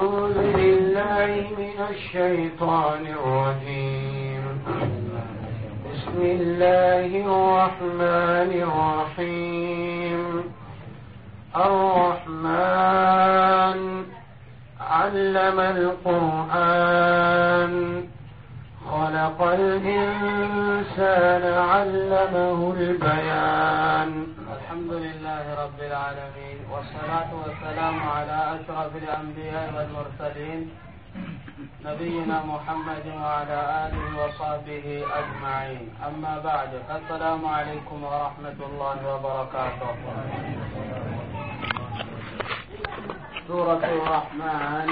أعوذ بالله من الشيطان الرجيم بسم الله الرحمن الرحيم الرحمن علم القرآن خلق الإنسان علمه البيان الحمد لله رب العالمين والصلاة والسلام على أشرف الأنبياء والمرسلين نبينا محمد وعلى آله وصحبه أجمعين أما بعد السلام عليكم ورحمة الله وبركاته سورة الرحمن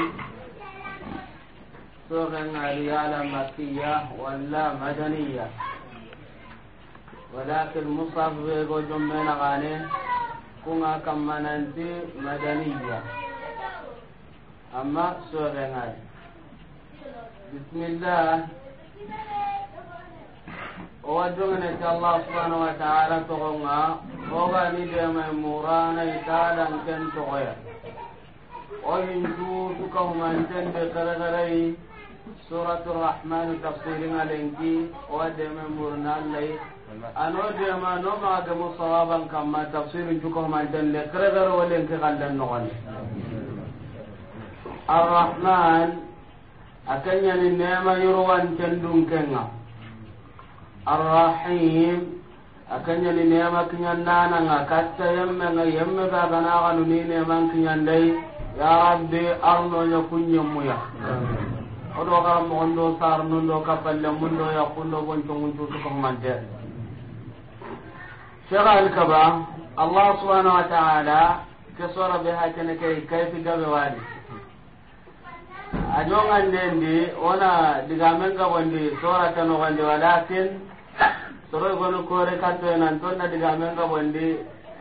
سورة الريال مكية ولا مدنية ولكن مصحف بيقول جمعنا غانين kunga kammananti madaniya amma sorengai bismillah owa dogeneti allah subhanau wa taala togonga hogani demai muranai tadanken togoya ohincuutu kahumantendi kerekerei suratu rahmanu tafsiringa lenki owa deme murna allai ano dema no magamu sawaban kamma tafsirin cukohomantende kregero wolenke kallen nogoni arrahman a kenyani nema yurwanten dunkenga arrahim a kenyani nema kinyan nananga katta yemmenga yemme gaganaganu ni neman kinyandai ya rabbi ya kunyan ndo ndo arnonya kunyemmuya odo karamogondo sarnundo kappalle mundo yakkundo bonconguncusukohomante شغل الكبا الله سبحانه وتعالى كسر بها كنكي كيف قبل والي أجوان عندي kore katto nan diga men ga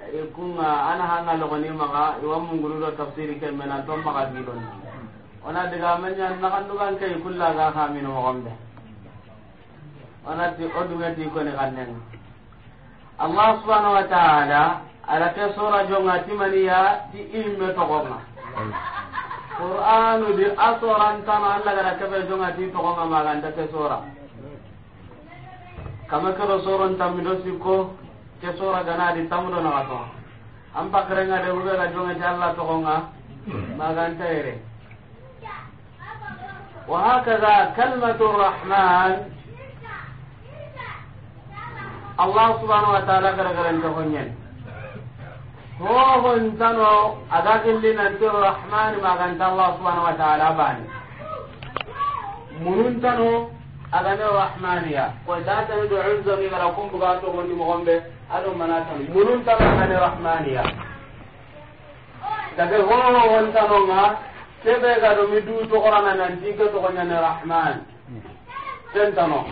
e kunga ana hanga logoni maga e tafsiri men an maga don ona diga men na kan dugan kay kullaga ha min ona ti odu ko ne allah subhanahu wa ta'ala ala ke sura jonga timaniya ti ilme togona qur'anu di asoran tana allah gara kebe jonga ti togona maganta ke sura kama kero soron tammido sikko ke sura gana di tamudo na wato an pakrenga de ube ga jonga ti allah togona maganta ere wa hakaza kalmatu rahman allah subhanahu wa ta'ala gara garan to honyen ho hon tano aga gilli nan to rahman maganta allah subhanahu wa ta'ala bani munun tano aga ne rahmaniya ko da ta do uzza mi gara kum buga to gondi mo gombe ado manatan munun tano aga ne rahmaniya daga ho hon tano nga sebe ga do mi du to qorana nan tinga to gonya ne rahman tentano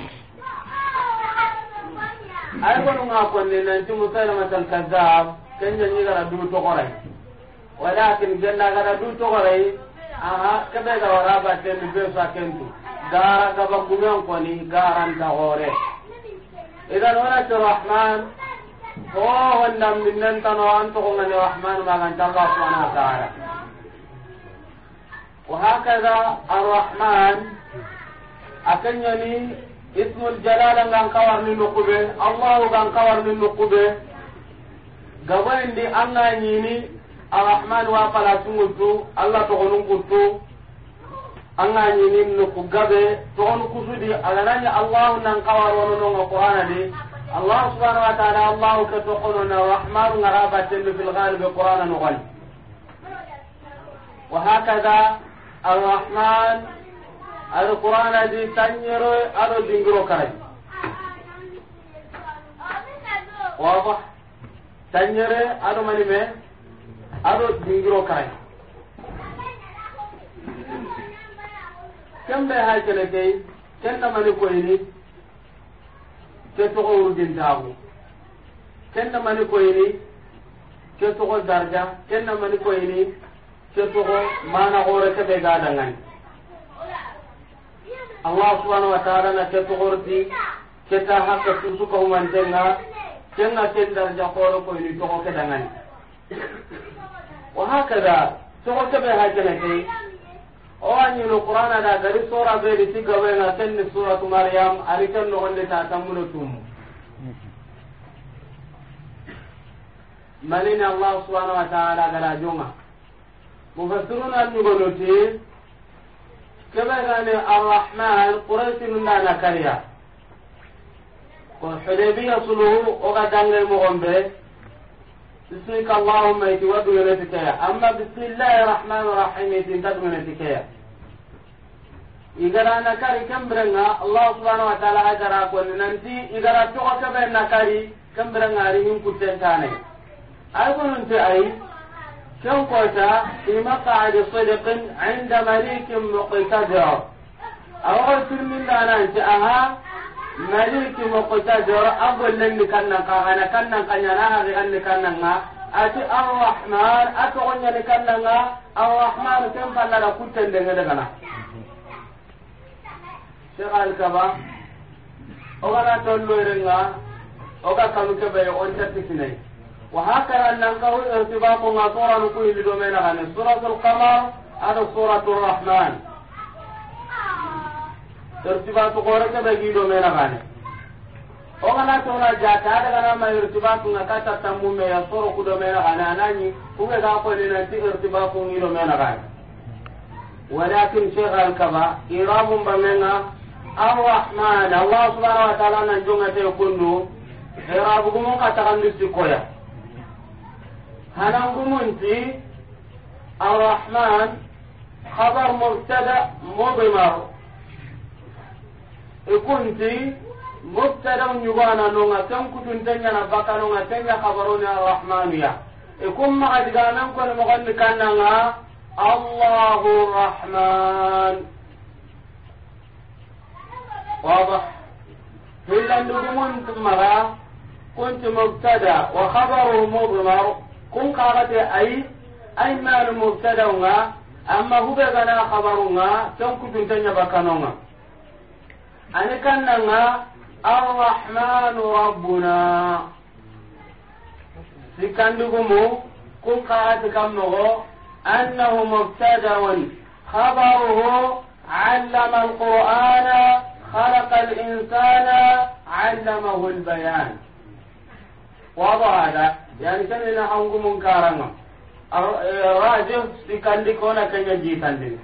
ay ko nga ko ne nan ti musalama tan kazzab kan jan ni gara du to qorai walakin janna gara du to qorai aha kabe ga ba ten be sa kentu gara ga ba gumen ko ni garan ta hore idan wala to rahman ko oh, wanda min nan tan an to ni rahman ma kan ta allah na ta ta'ala wa hakaza ar-rahman akan yani ismul jalala ngan kawar ni nukube allah ngan kawar ni nukube gabayindi nini a arrahman wa pala tungutu allah to gonun kutu anga nyini nuku gabe to a kusudi agananya allah nan kawar wono no qur'ana ni allah subhanahu wa ta'ala allah ka to quluna rahman ngaraba tendu fil ghalib qur'ana no gal wa hakada arrahman aɗo qur'ana di tanñero aɗo dingiro karay wawa tanñere aɗo mani me aɗo dingiro karay kembe hay kene key kenda mani koyni ke toxo wurgintaxu kenda mani koyni ke toxo darja mani koyni ke toxo mana ga allah subhanahu wa ta'ala na ke togordi ke ta hakka tusu ko man tenga tenga ken darja ko ko ni to ko wa hakada to ko be hajana ke o anyi no qur'ana da gari sura be ri tiga be na tenni suratu mariam ari kan no gonde ta tamuno tum malina allah subhanahu wa ta'ala gara jonga mufassiruna ni gonoti kebegane arrahman quraysinundana kariya ko hudebiya suluhu oga dange mogonɓe bismika allahuma iti wadumeneti keya amma bismillahi rahmani rahim itin tadumeneti keya igara nakari kembirenga allah subhanau wa taala agara konni nanti igara togo keɓe nakari kembirenga ari hinkuttentane ay gonunte ayi كم في مقعد صدق عند مليك مقتدر أو أرسل من أنا أنت أها مليك مقتدر أقول لن كان أنا كان كان أنا غير كان أتي الرحمن أتغني كان الرحمن كم فلا لا كنت لنا شيخ الكبا أو أنا تقول له رنا أو كم كبا يقول تكتني وهكذا لنقول ارتباط ما صورة نقول لدومين عن سورة القمر على سورة الرحمن ارتباط قورك بجي دومين عن ogana tona jata ada gana ma irtibatu na kata tammu me ya soro ku do mena gana nani kuga ga ko ni nanti irtibatu ni do mena gana walakin shaykh al kaba irabum bamenga ar ka هل أنتي الرحمن خبر مبتدا مضمر كنت مبتدا يبانا نونا كم كنت تنيا نبقى نونا تنيا خبرون يا الرحمن يا يكون ما قد قال نقول مغني كان الله الرحمن واضح كل عندكم انتم مرا كنت مبتدا وخبره مضمر kun kaxate ayi ay manu mubtadaunga amma hube gana habarunga ken kutunte ñabakanonga ani kannanga arrahmanu rabbuna sikkandigumu kun kaxati kam nogo annahu mubtadaun habaruhu allama alqur'ana خلق الإنسان علمه البيان وضع هذا yani kana ina hangu mun karanga e, rajo sikandi kona kanya jitandi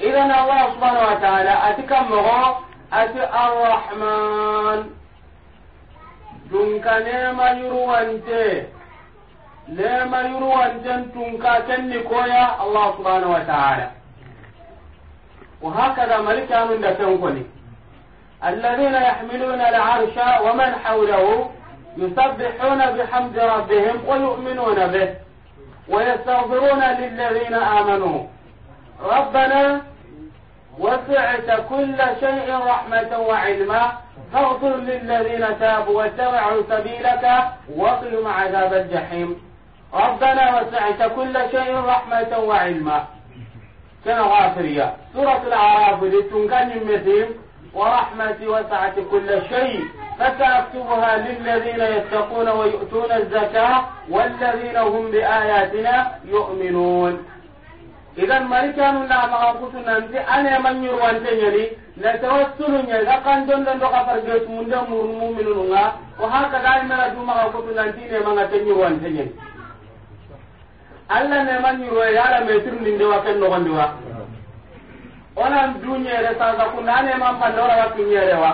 idan allah subhanahu wa ta'ala atikam mo ati arrahman tunkane ma yuruwante ne ma yuruwanten tunka kenni koya allah subhanahu wa ta'ala wa hakada malikanu da الذين يحملون العرش ومن حوله يسبحون بحمد ربهم ويؤمنون به ويستغفرون للذين آمنوا ربنا وسعت كل شيء رحمة وعلما فاغفر للذين تابوا واتبعوا سبيلك وقهم عذاب الجحيم ربنا وسعت كل شيء رحمة وعلما كان غافريا سورة الأعراف لتنكن مثيم ورحمتي وسعت كل شيء فسأكتبها للذين يتقون ويؤتون الزكاة والذين هم بآياتنا يؤمنون إذا مريكان لا مغاقوت ننزي أنا من يروان تنيني نتوسل إذا كان دون دون دوغا فرجت من دون مؤمن نغا وهكذا إما من دو مغاقوت أنا من يروان تنيني Allah ne man yiro ya da mai la metir nin de wakan no Wannan duniya da sa sa ne man pandora wakin yere wa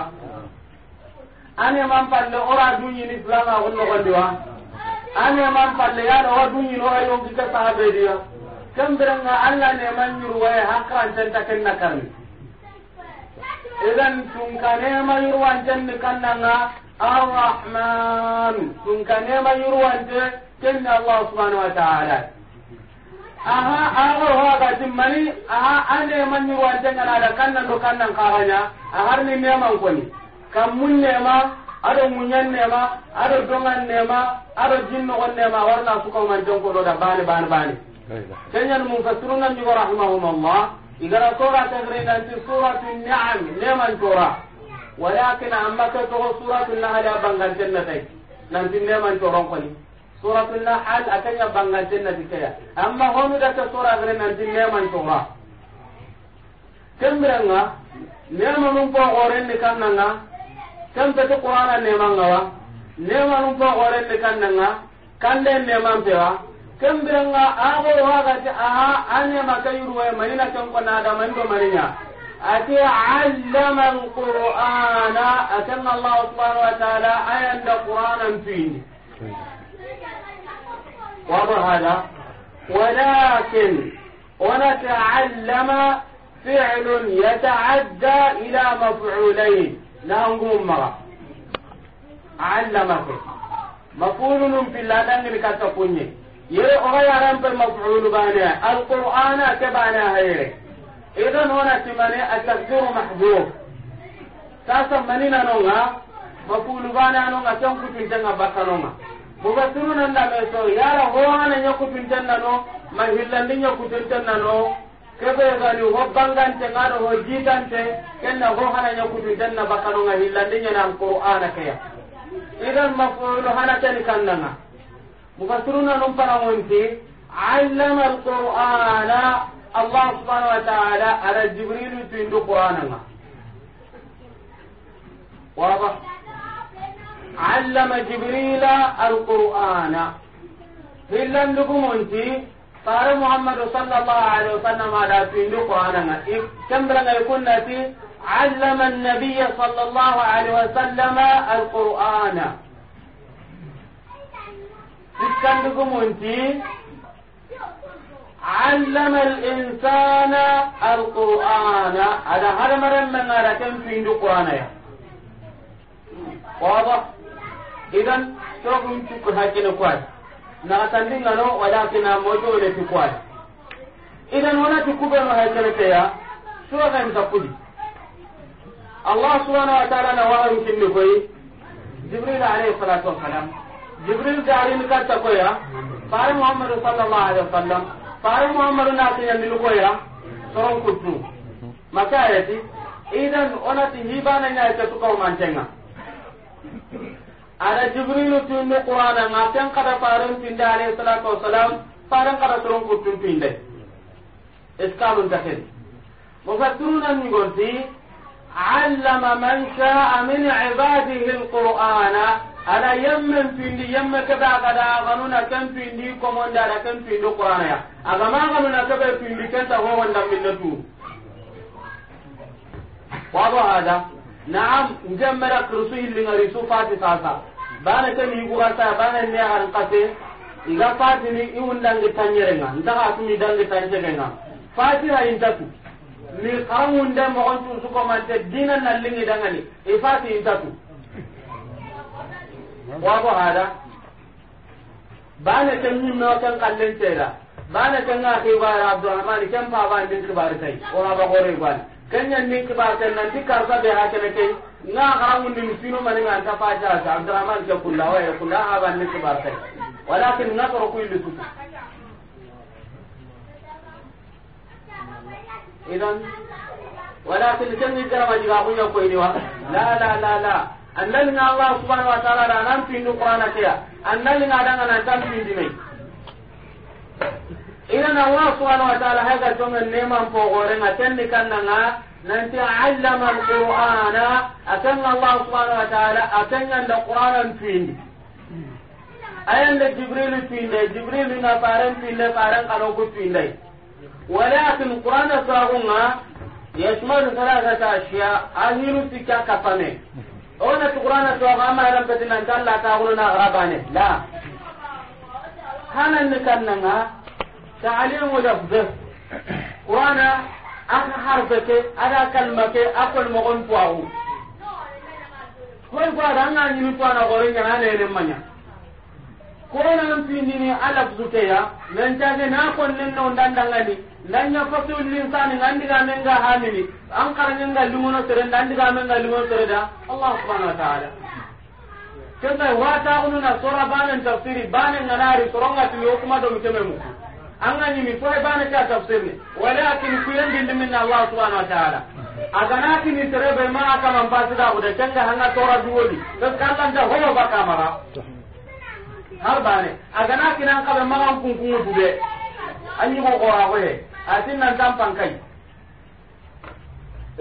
ane man palle ora duñini islama gun nogondi wa ane man palle yaɗa wa duñini ora yonkike sahabediya kembirenga allah neman ñurwaye hakkirantenta kenna karni idan tunka nema yurwantenni kannanga arrahmanu tunka nema yurwante kenni allah subhanau wa taala aha agoro timmani aha aneman yurwantenganaada kannan do kannan kaxaña aharni neman koni kam mun nema ado munyan nema ado dongan nema ado jinnogon nema warna do da bani bani bani kenyan mufassiruna ñigo rahimahum allah igara sora tagrinanti suratu niam neman cora walakin amma ke togo suratu nahal a bangantennatay nanti neman ko ni suratu nahal a kenya jannati kaya amma homidake sora gre nanti neman cora kembirenga nema mun num po gorenni kamnanga kam ta qur'ana ne mangawa ne manum pa gore ne kannanga kande ne man pewa a biranga ago waga ta aha anya makayru wa manina kam kona da man do maninya ati allama alqur'ana atanna allah subhanahu wa ta'ala ayan da qur'anan fini wa hada ولكن ونتعلم فعل يتعدى إلى مفعولين naangum maga allamake mafulunum pilla dangini katta kunye yere oga yaranpe mafulu bane alqur'ana ke bane hayere idan ona timane atakdiru mahbub sasa maninanonga mafulu bane anonga ken kutuntenga bakkanonga mubassirunandame so yara hoana nyakutuntennano mahillandi nyakutuntennano kebe gani ho bangante ngaro ho jitante kenna ho hananya kutu janna bakano nga hillande nyana alqur'ana kaya idan mafulu hanatani kannanga mufassiruna num parangonti allama alqur'ana allah subhanahu wa ta'ala ala jibril tindu qur'ana nga waba allama jibrila alqur'ana hillandugumonti fare muhammadu sallallahu alaihi wasallam ada pindi qur'ananga kembranga ikunnati allama an sallallahu alaihi wasallam al ikkandugumunti علم الإنسان القرآن هذا هذا مرة من هذا كم في القرآن يا واضح إذا شوفوا نشوف هاكين كويس naxatandingano walakina mojone ti kuwadi idan wonati kubenu sura suwaganta kudi allah subhanau wa taala na waxan kinni koy jibril alayhi salatu wasalam jibril garini karta koya fare muhammadu sallallahu alaihi wasallam fare muhammadu nakiñandini koya soron kuttu maka ayeti idan onati hibananyaete tukaumantenga ada jibrilu tundu qur'ana ma tan kada faran tinda alayhi salatu wassalam faran kada turun kutun tinda iskalun takel mufassiruna ni gonti allama man sha'a min ibadihi alqur'ana ala yamman tindi yamma kada kada ganuna kan tindi ko monda ada kan tindi qur'ana ya agama ganuna kada tindi kan ta ho wanda minnatu wa hada na'am njemmera kirsu hillingari su fati sasa bana kemi iguga sa bana ne aran kase iga fati ni iundangi tanyerenga ntaka sumi dangi tanyerenga fati ha intatu ni karangunde mogon tun su komante dina lingi dangani i e fati intatu wabo hada bana ken ñimmewa ken kallen ceeda bana ken ga kibara abdourahmani ken pabandin kibari tay ona bagore ibani kanyan ni ba ken nan dikar sa be ha ken ke na haramun ni musino mani an ta faja ta drama ke kula wa ya kula ha ban ni ba ken walakin ku ilu tuku idan walakin kan ni jara maji ga ya ko ni wa la la la la annal na allah subhanahu wa ta'ala da nan ni qur'ana ke annal na dan nan tan tin dinai idan Allah subhanahu wa ta'ala haka tonga neman na nga tendi kannanga nanti allama alqur'ana akan Allah subhanahu wa ta'ala akan anda qur'anan tuindi ayanda jibril tuinde jibril na paran tuinde paran kalo ku tuinde walakin qur'ana sahunga yashmalu thalathata ashiya ahiru tikka kafame ona qur'ana sahunga amma ran patina kallata guluna gharabane la hanan kannanga تعليم لفظه قرانا aka harfeke ada kalmake akol mogon puahu koy ko ada nga nyini to na gore ngana ne ne manya ko na nan pindi ni ala ya nan na kon nen no ndanda ngani nan nya fatu lin sani ngandi ga men ga hanini an karanya ga limono tere ndandi ga men ga limono da wa tafsiri banan ngana ri soronga tiyo kuma do muteme mu anga mi ko hebana ta tafsir ni walakin ku bindi min allah subhanahu wa ta'ala agana kini terebe ma aka man da ude tanga hanga tora duwodi to kallan da hoyo baka mara har bane agana kina kabe ma kan kun kun dube anyi ko ko ha a atin nan tampan kai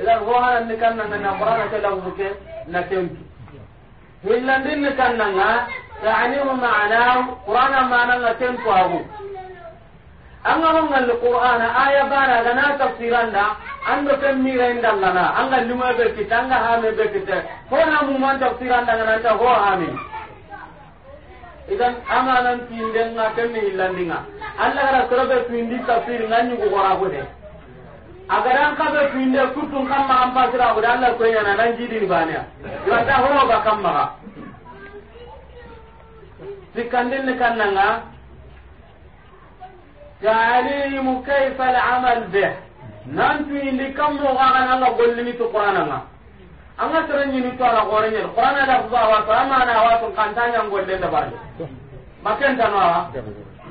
idan ho haran ni kan nan na qur'ana ta lahu buke na tembi hillandin ni kan nan ha ta'animu ma'ana qur'ana ma'ana na tempo hawo an honga hon qur'ana aya bara ga na tafsiran da an do tan mi ren dalla na an ga lima be kitanga ha me be kitta ko na mu man tafsiran da na ta ho ha me idan amanan den na tan mi landinga allah ra sura be di tafsir nan ni ko ra ko de agar an ka be tinde kutun kan ma an pasira ko allah ko yana nan jidi ni bana ya ta ho ba kan ma sikandin kan nanga تعليم كيف العمل به نانتو اللي كم مغاغن الله قل لي تقرانا anga terenyi ni to ala gore nyen qur'ana da ba wa ta ma na wa tun kan tanya ngolle da barni maken tan wa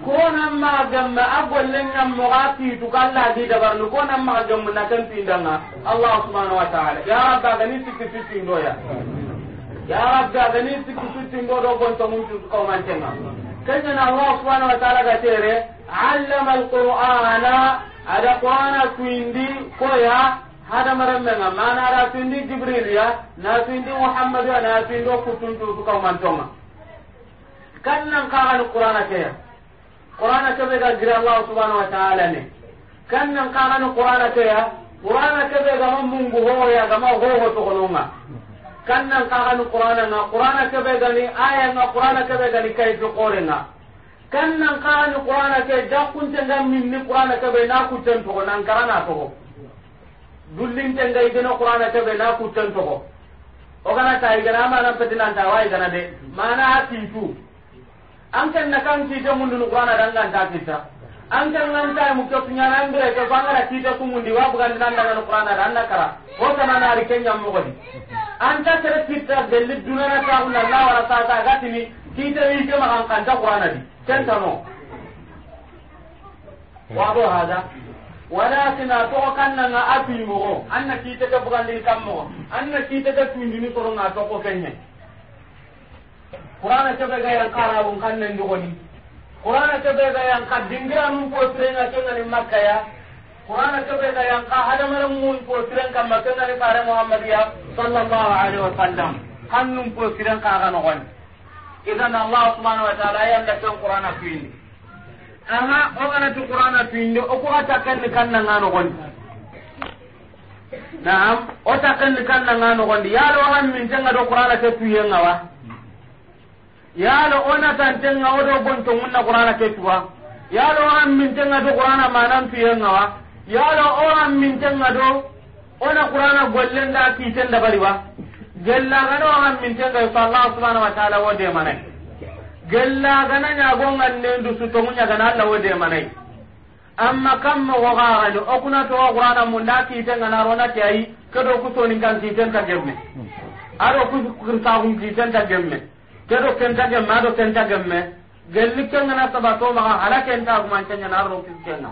ko nan ma gamma agolle ngam mo gati to kala di da barni ko nan ma gamma na kan tindanga allah subhanahu wa ta'ala ya rabba gani sikki sikki ndo ya ya rabba gani sikki sikki ndo do gon to mun man na ga tere allama alqur'ana ada qur'ana tuindi koya hada marambe nga mana ada tuindi na tuindi muhammad ya na tuindi kutun tu ka mantonga kannan ka al qur'ana ke qur'ana ke ga gira allah subhanahu wa ta'ala ne kannan ka al qur'ana ke ya qur'ana ke ga mungu ho ya ga ma ho ho to kononga kannan ka al ni aya ni kan nan ni qur'ana ke te ngam min ni qur'ana ke be na kutten to nan karana to dullin te ngai dina qur'ana ke be na kutten to o kana ta igana ma nan petina ta wai gana de mana tu an kan na kan ti ta mun dun qur'ana dan kan ta kita an kan nan ta mu ko tunya nan be ke bangara ti ta mun di wa bukan nan ni qur'ana dan na kara ko kana na ri kenya mo di an ta tere ta gelli dunana ta Allah wa wala ta ta gatini ti ta yi ke ma kan ta qur'ana di kentano wabo hada walakin ato kanna nga api mo anna kite ka bugandin kammo anna kite ka din toro na to ko kenye qur'ana ta ga yang karabun kanne ndogoni qur'ana ta ga ka dingira mun ko trenga kenga ni makka ya qur'ana ta ga yang ka hada mun ko trenga makka ni fare muhammadiya sallallahu alaihi wasallam kannum ko trenga ka ga no idan allah subhanahu wa ta'ala yalla san qur'ana fiin aha o kana tu qur'ana fiin o ko ata kan kan nan ngano gon na'am o ta kan kan nan gon ya lo han min tanga do qur'ana ta tuyenga wa lo ona tan tanga o do bonto munna qur'ana ke tuwa lo han min tanga do qur'ana manan tuyenga wa yalo o han min tanga do ona qur'ana gollen da ki da bari wa gella gano an min tenga fa Allah subhanahu wa ta'ala wode manai gella gana nya gonga nendu su to munya gana Allah wode manai amma kam mo goga ni okuna to qur'ana mun da ki tenga na rona tayi kedo ku to nin kan ki gemme aro ku ku ta hun ki tenga gemme kedo kenta gemme ado kenta gemme gelli kengana sabato maga halaken ta kuma kenya na ro kenna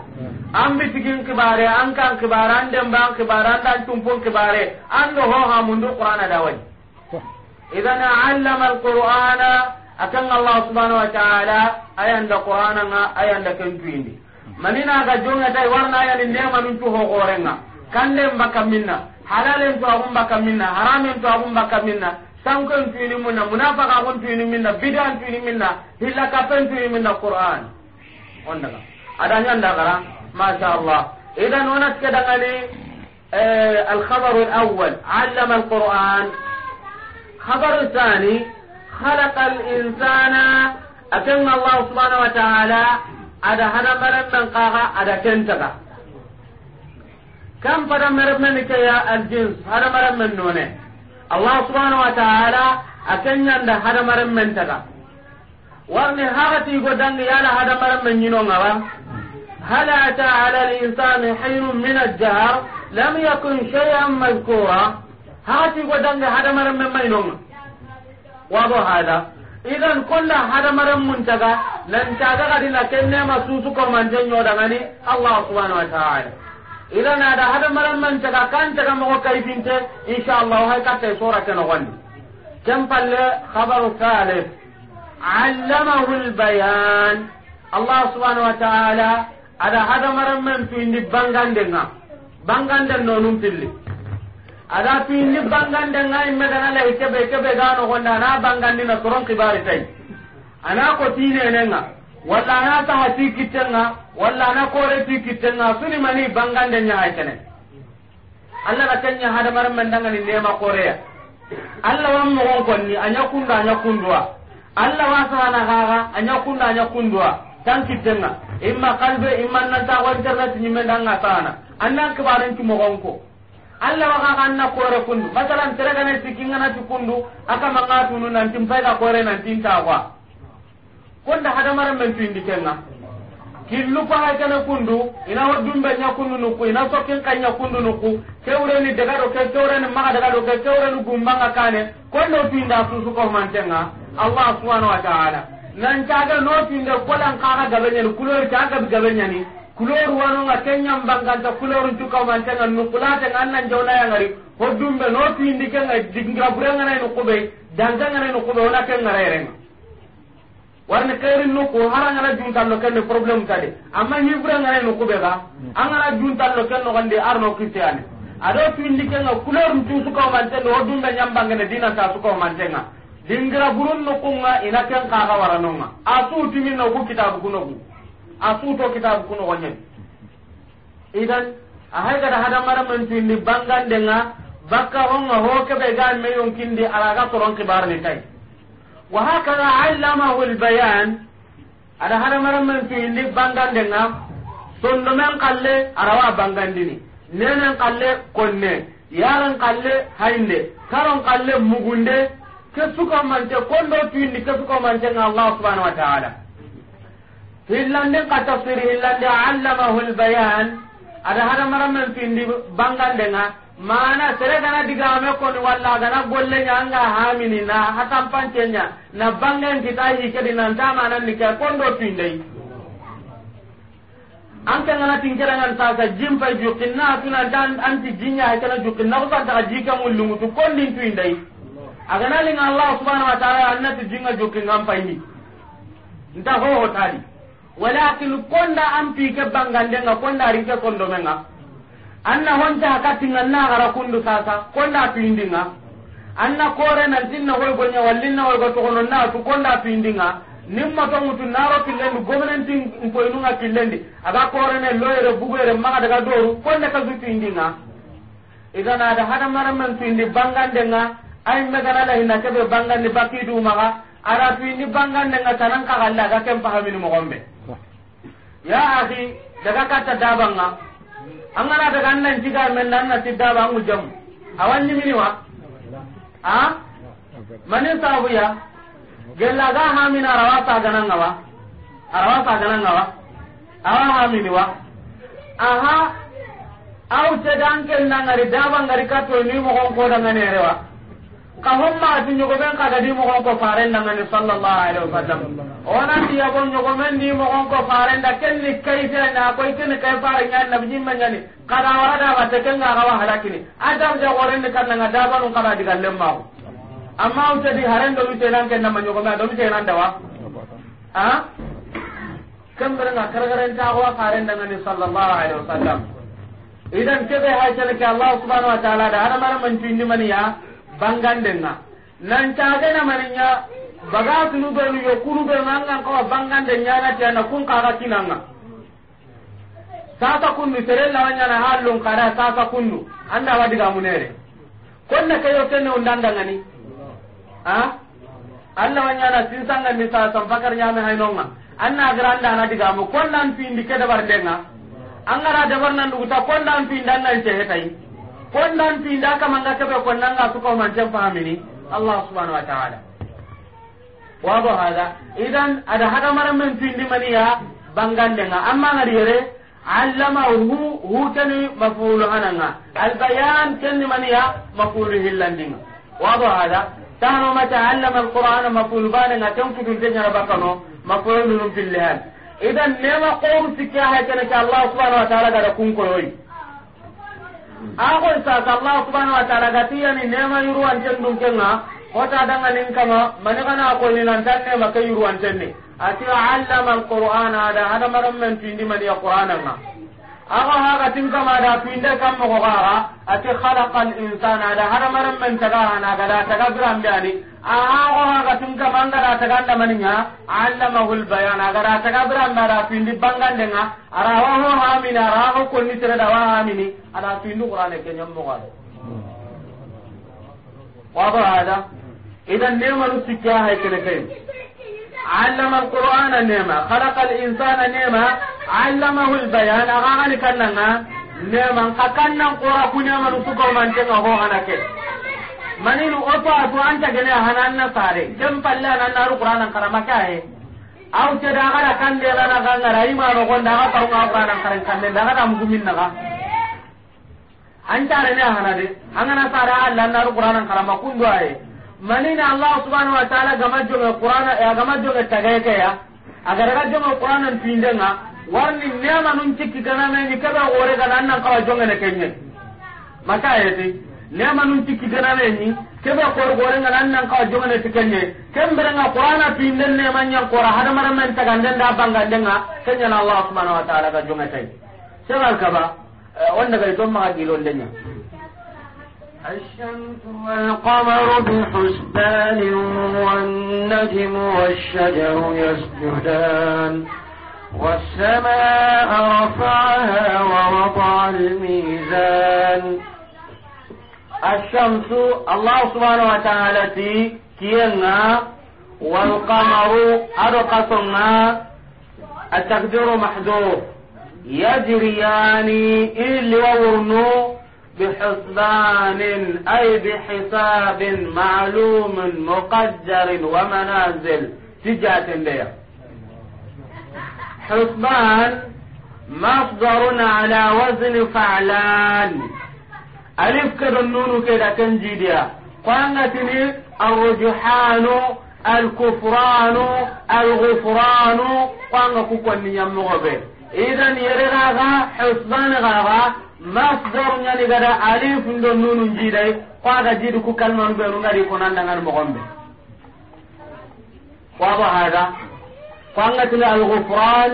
an bitigin kibare an kan kibare an den ban kibare an dan tumpon kibare an do ho ha mundu qur'ana da wai idan allama alqur'ana akan allah subhanahu wa ta'ala ayan da qur'ana nga ayan da kan tuindi manina ga jonga dai warna ayan ne min tu ho gorenga kan den baka minna halalen to abun baka minna haramen to abun baka minna sanken fini minna munafaka kun fini minna bidan fini minna hilla kapen fini minna qur'an on daga adanya ndagara masha allah idan onat kedangani الخبر الأول علم القرآن خبر الثاني خلق الإنسان أتم الله سبحانه وتعالى ada hada maran nan kaga ada tentaga kam pada maran nan ke ya aljins hada maran nan none allah subhanahu wa ta'ala a kenyan da hadamaren mentaka warni haka tigo dangi yala hadamaren men yino ba hala ta ala al-insan hayrun min al-jahr lam yakun shay'an mazkura haka tigo dangi hadamaren men mayno wa bo hada idan kullu hadamaren mun taga nan taga kadila kenne masu su ko manjen yoda ngani allah subhanahu wa ta'ala idan da hada maran man taga kan taga mo kay binte insha Allah hay ka tay sura kana wani kam palle khabaru thalith allamahu albayan Allah subhanahu wa ta'ala ada hada maran man tuindi bangandenga banganden nonum pilli ada tuindi bangandenga imme dana lay kebe kebe gano gonda na bangandina soron kibari tay ana ko tinenenga walla na saha ti kittenga walla na kore ti kittenga suni mani bangande ñahay kene allah na hada hadamaren men ni nema korea allah wan gon konni a kunda a ñakkunduwa allah wa sahana gaga a kunda a ñakkunduwa tan kittenga imma qalbe imma nantaxo internet ñimme danga sahana annan kibarenci gon ko allah wa gaga anna kore kundu masalan tere teregane ti kundu manga tunu nan nantin ka kore nan nantin taxoa konda hadamaren men tuindi kenga killu paha kene kundu ina wadumbe nya kundu nuku ina sokin kan nya kundu nuku ni daga do ke ni maga daga do ke gumba gumbanga kane kondo su su ko tenga allah subhanahu wa ta'ala nan ga no tuinde kolan kaga gabenyani kulor caga gabenyani kulor wanonga kenyam banganta kulor tuka nan jona ya ngari yangari hodumbe no tuindi kenga dingra buranga nay nukube danganga nay nukube ona kenga rairenga warni kairin nuku har angana juntallo kenne problème tadi amma hibre angana nuku be ɓega angana juntallo kenno gande arno kitteyani aɗo tuindi kenga couleur ntu sukamantenga wo dunga ñambangene dinanta sukamantenga dingira burun nukunga ina ken kaga waranonga a suutimin nogu kitabu kunogu a suuto kitabu kunogoñen idan a haygata hadamadamen tuindi bangandenga bakka onga ho keɓe gan me yonkindi alaga soron kibarni tay وهكذا علمه البيان ada hada maramman fi indi bangande nga sondo kalle arawa bangandini nenen kalle konne yaran kalle hainde karon kalle mugunde ke mante kondo tuindi ke suka mante nga allah subhanahu wa ta'ala hillande ka tafsir hillande allamahu albayan ada hada maramman fi indi bangande nga mana sere gana digame koni walla gana golle nya anga hamini na hata pancenya na bangen yi ke kedi nan tama nan nika kondo tindai an kan gana tinkira ngan ta sa jimpa jukinna tuna dan anti jinya kana jukinna ko ta jika mulungu to kondin tindai agana linga allah subhanahu wa ta'ala annati jinga jukinga mpaini nda ho hotali walakin konda ampi ke bangandenga konda rinke kondomenga anna honta katinga na gara kundu sasa konda pindinga anna kore na tinna hoy gonya wallinna hoy go tokono na tu konda pindinga nimma to mutu na naro killendi gomnanti mpoinunga killendi aga kore ne loyere bugere maga daga doru konda ka zuti indinga idan ada hada maramman tu indi bangandenga ay megana la hina kebe bangandi bakidu maga ara tu indi bangandenga tanan ka galla ga kem pahamini mo gombe ya akhi daga kata dabanga angana daga annan tiga men dan na tidda ba mu jam awan ni mini wa ha manin sabu ya gella ga ha min arawa ta ganan ngawa arawa ta ganan ngawa awa ha mini wa aha aw te dan ken nan ngari daba ngari kato ni mo kon ko dan ngane rewa ka homma ti ñogomen ka di mogon ko farendangani sallallahu alaihi wasallam onati yago ñogomen ni mogon ko farenda kenni kayfena koy keni kay fara ñani nabi ñimme ñani kada wara dabate kenga gawa halakini adamde gorenni kannanga dabanu kada diga lemmaku amma utedi harendo utenan kennama ñogome adomi ta a kemberenga kargarentagowa farendangani sallallahu alaihi wasallam idan kebe haytene ke allah subhanahu wa taala da ya. bangandenga nan caage na maninya baga tunu benu yo kunu benu angan kawa bangande nyana tiana kun kaga kinanga sasa kunnu serella wanyana hallon kada sasa kunnu anda wadiga munere konna kayo kenne undanga ngani ha Allah wanyana sinsanga ni sasa bakar nyame hainonga anna granda na diga mu konna pindi kedabar denga angara dabar nan duguta konna pindi annan cehetai kon nan ti da kama nga kebe konnan nga suka man tan fahamini Allah subhanahu wa ta'ala wado hada idan ada hada maran men tindi maniya bangande nga amma ngari yere allama hu hu tani mafulu hananga al bayan tani maniya mafulu hillandinga wado hada tano mata allama al qur'ana mafulu bana nga tan fudu tanya bakano mafulu min fil idan ne nema qawm sikya ha kana Allah subhanahu wa ta'ala da kun koyoyi akoy sasa allah subhanahu wa taala gatiyani nema yuruwanten dun kenga hota danganin kama mani kana akoni nantan nema ke yuruwanten ni ati allama alqur'ana ada hadamaran men tuindi mani ya qur'ana nga aga haga tin kama da pinde kam mo gara ati khalaqal insana da hada maran men taga na ga da taga biram dani a haga tin kama ga da taga da maninya allamahul bayan ga da taga biram da pindi bangan denga ara ho ha min ara ho ko ni tere da wa ha min ala pindu qur'an ke nyam mo gara wa ba hada idan ne manu sikka hay kene kai allama alqur'ana nema khalaqa alinsana nema allamahu albayan aga gani kannanga nema ka kannan a kunyama nu suko man tenga ho anake maninu oto atu anta gene hananna sare kem palla nan naru qur'ana karama kae aw te da gara kan de na ga ngara ima ro gonda ga paru ga qur'ana karan kan de da ga mugumin na ga antare ne hanade angana karama kundo manini allah subhanahu wa ta'ala gama jonge qur'ana ya gama jonge tagayke ya agar ga jonge qur'ana pindenga warni nema nun cikki kana me ni kaba gore ga nan nan kawa jonge ne kenye maka yete nema nun cikki kana me ni kaba gore gore ga nan nan kawa jonge ne tikenye kembere nga qur'ana pinden ne manya qur'ana hada maran man taganden da bangandenga kenya allah subhanahu wa ta'ala ga jonge tay sebal kaba wanda ga to ma gilon denya الشمس والقمر بحسبان والنجم والشجر يسجدان والسماء رفعها ووضع الميزان الشمس الله سبحانه وتعالى كينا والقمر أرقصنا التقدير محذوف يجريان إلي وورنو بحسبان أي بحساب معلوم مقدر ومنازل تجاة ليه حسبان مصدر على وزن فعلان ألف كذا النون كذا تنجيديا قانتني الرجحان الكفران الغفران قانك كون يمغبه إذا يرغى حسبان غرى masdar nyani gada alif ndo nunu jidai kwa ga jidu ku kalma ndu nu ngari ko nan dangal mo gombe wa ba hada kwa ngati al ghufran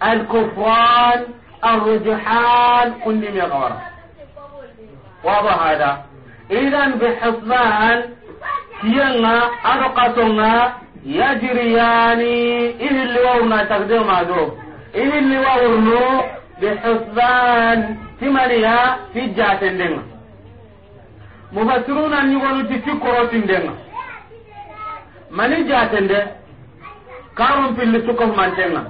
al kufran al rujhan kulli mi gawara wa ba hada idan bi hisban kiyanga ado qatonga yajriyani ihli wa una taqdiru ma do ihli wa urnu bi hisban timaniya ti jatendenga mufassiruna ñugonuti ti korotindenga mani jatende karun pilli sukofumantenga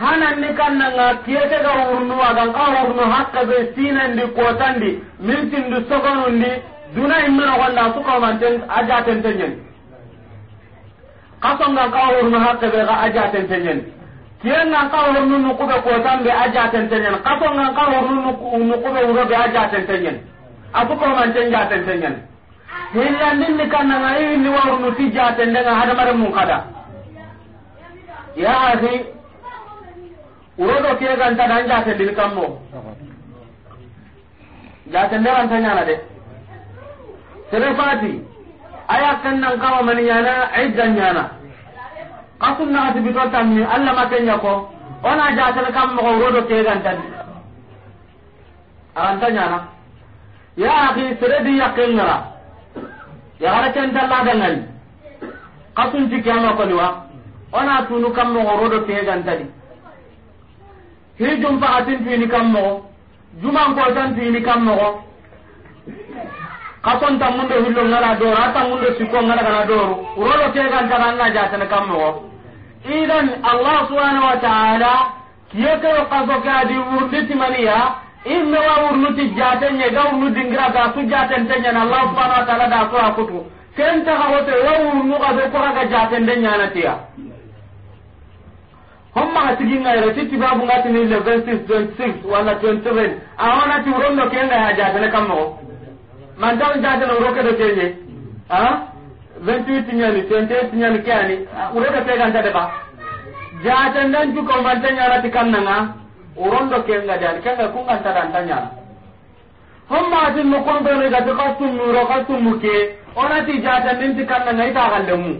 hananni kannanga kiyetega wurnu agan ka hornu hakka be sinandi kotandi mintindu sogonundi duna immenogonda sukofumanten a jatente ñeni kasongan ka hornu hakka be ga a jatente ñeni tiren nan ka hornu nuku be kotan be aja tentenyen kaso nan ka hornu nuku nuku be uro be aja tentenyen asu ko man tenja tentenyen hillan din ni kan nan ayi ni warnu ti ja tendenga hada mare mun kada ya ahi uro do ke gan ta dan ja tendin kammo ja ta tanya na de sere fati aya kan nan kawa man yana aidan yana kasum na asibito tanni alla ma kenya ko ona ja tare kam mo rodo ke gantan arantanya na ya akhi siredi yakinna ya harakan dalla dangal kasum ti kiyama ko ni wa ona tunu kam mo rodo ke gantan hi jum fa atin tini kam mo juman ko tan tini kam mo tan tammunde hillo ngala doro a tammunde sikko ngala kana doro urodo ke gantan anna ja tare kam mo idan allah subhanahu wa ta'ala kiye ke qaso ka di wurdi timaniya wa wurnu ti jaten ye ga su jaten allah subhanahu wa ta'ala da akutu ken ta ga wote wa wurnu ga ko ga jaten nyana tiya homma ga tigi ngai re titi babu ngati ni 26 26 wala 27 awana ti ha jaten man jaten ha ventu tiñani tente tiñani ke ani urebe ke ganta deba jaten dan juko manta ñarati kamnanga urondo kenga dal kenga kunganta danta ñara hommatin mo kontone gati ka sunnuro ka sunnu ke onati jaten nin ti kamnanga ita mu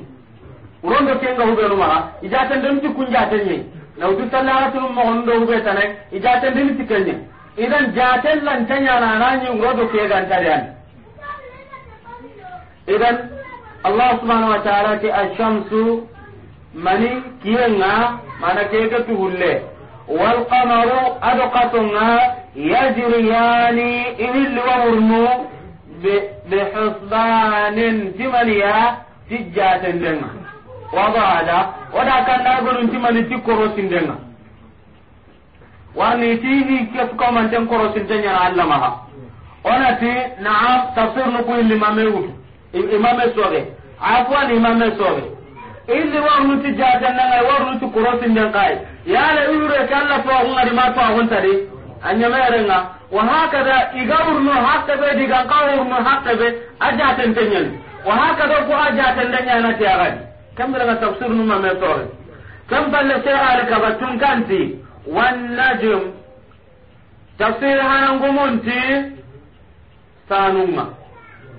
uron do gallemu urondo kenga hubenu maga ijaten den ti kunjaten ñe nawdu sallaratunu mogondo hube tane ijaten den ti kenye idan jaten na ñana anani do ke ganta dal idan allah subhanahu wa taala ti ashamsu mani kiyenga mana keke tuhulle walqamaru ado katonga yajriyani inilliwa wurnu bihusbanin timaniya ti jatendenga wado ada oda kandagonun timani ti korosindenga warni ti hi korosinte allamaha onati naam tafsir imame soge afwan imame soge izi warnuti jajannangai warnuti kurosindenkai yala iure kalla toagungadi ma toaguntadi a ñamerenga wa hakada iga wurno hakkeɓe diganka wurno hakkeɓe a jatente ñani wa hakada ko a jatende ñanati agadi kembirenga tafsir numame soge kem palle se ali kaba tun kanti wannajum tafsir hanangumunti sanunga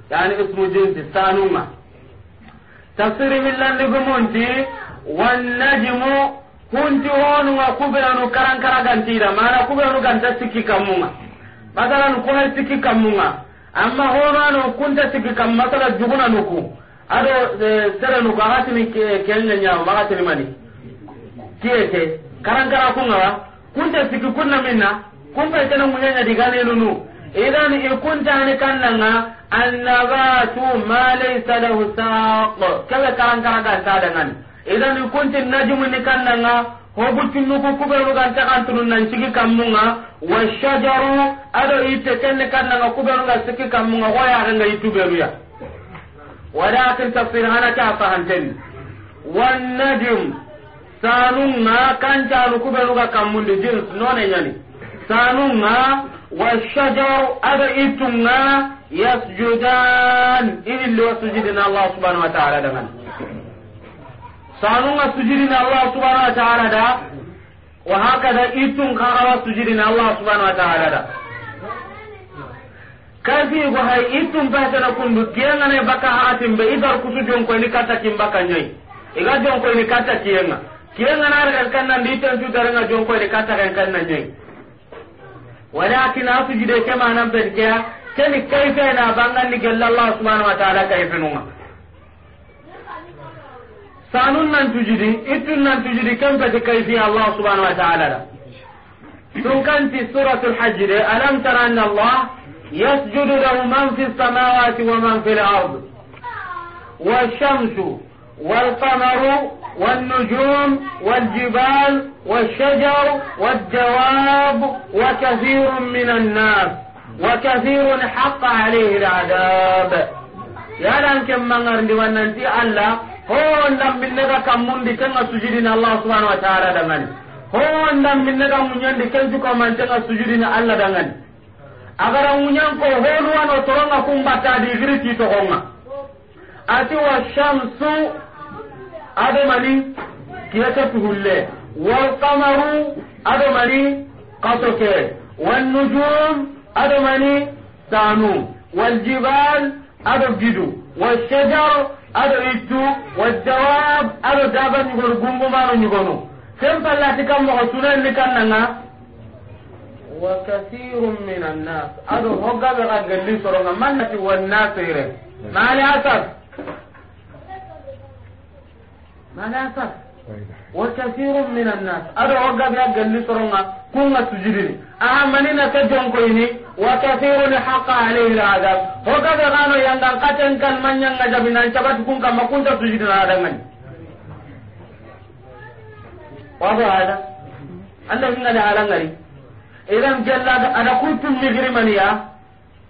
yani ismu jinsi sanunga tafsiri hillandi gumunti wannajimu kunti honunga kubenanu karankara gantida mana kubenanu ganta sikki kammunga masalan kuha sikki kammunga amma honano kunta sikki kam masala juguna nuku ado e, sere nuku agatini kenya nyawo magatini mani kiyete karankara kunga wa kunta sikki kunna minna kumpa itena munyanya nunu. idan ikuntani kannanga annabatu ma laysa lahu saq kebe karankaraganta dangani idan ikunti najumuni kannanga hobucunnuku ta kan kantunun nan sigi kammunga washajaru aɗo itte kenne kannanga kuɓenuga sikki kammunga hoyarenga yittuɓenuya walakin tafsir hana ke a fahantenni wannajum sanunga kancanu kuɓenuga kammundi jins none ñani sanunga والشجر أبئتما يسجدان إن اللي وسجدنا الله سبحانه وتعالى دمان سانونا سجدنا الله سبحانه وتعالى دا وهكذا إتم خغوا سجدنا الله سبحانه وتعالى دا kafi go hay itum batana kundu kiyenga ne baka hatim be idar kusu jon ko ni kata kim baka nyoy iga jon ko ni kata kiyenga kiyenga na kan nan di tan daranga jon ko ni kata kan kan nan walakin asujide ke manan berkeya keni kayfe na bangandi gella allah subhanahu wa ta'ala ala nunga sanun nan tujidi itun nan tujidi kan pati kayfi allah subhanahu wa ta'ala da tun kanti suratul hajj de alam tara anna allah yasjudu lahu man fi samawati wa man fil ard والنجوم والجبال والشجر والدواب وكثير من الناس وكثير حق عليه العذاب يا لانكم من أرد وننتي الله هو لم بلغا كم من دي بكنا سجدنا الله سبحانه وتعالى دمان هو لم بلغا من يندكن كم سجدنا الله دمان agara munyan ko honu wano toronga kumbata digiri ti tokonga ati wa shamsu adamani kiyate tuhulle wal qamaru adamani qatoke wan nujum adamani tanu wal jibal ado gidu wal shajar ado ittu wal dawab ado daba nyugol gumbu maro nyugonu kem pallati kam mo sunan ni kannanga wa kathirun minan nas ado hogga be ga gelli soronga mannati wan nasire mali asab malaka wa kathirun min an-nas ado ogga ga galli soronga kunga sujudini aha manina ta jonko ini wa kathirun haqa alayhi al-azab ogga ga gano yanga katen kan manyanga jabinan cabatu kunga makunta sujudina adangani wa ba hada anda hinga da halangari idan jalla da ada kutum migrimaniya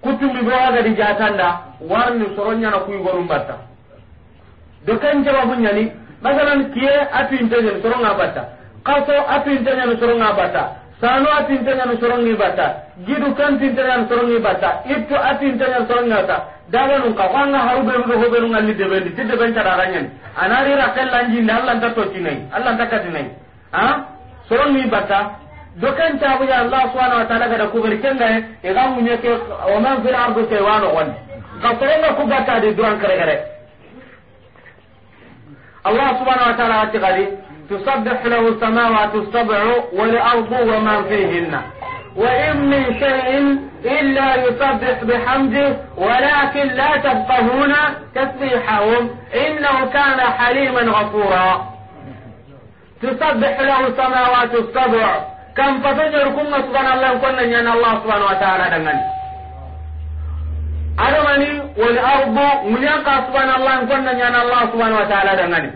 kutum biwa ga di jatanda warni soronya na kuyi masalan kiye atinteñen soronga bata kaso atinteñen soronga batta sano atinteñen sorongi bata gidu kantinteñen sorongi batta ittu atinteñen sorongi batta daganun ka ko anga haruɓenuɗo hoɓenu alli deɓendi ti deɓen caɗarañani anarira kellanjinde allanta toccinayi allanta katinayi a sorongi batta do ken caɓuya allah subhanahu wa taala gada kuɓeri kengaye ega muñeke waman fil ardu kewanogondi ka soronga ku gattadi duran kere الله سبحانه وتعالى تقالي تسبح له السماوات السبع والأرض ومن فيهن وإن من شيء إلا يسبح بحمده ولكن لا تفقهون تسبيحهم إنه كان حليما غفورا تسبح له السماوات السبع كم فتجر كنا سبحان الله كنا الله سبحانه وتعالى دمني adamani wal ardu munyan ka subhanallah kon nan yana allah subhanahu wa ta'ala dangani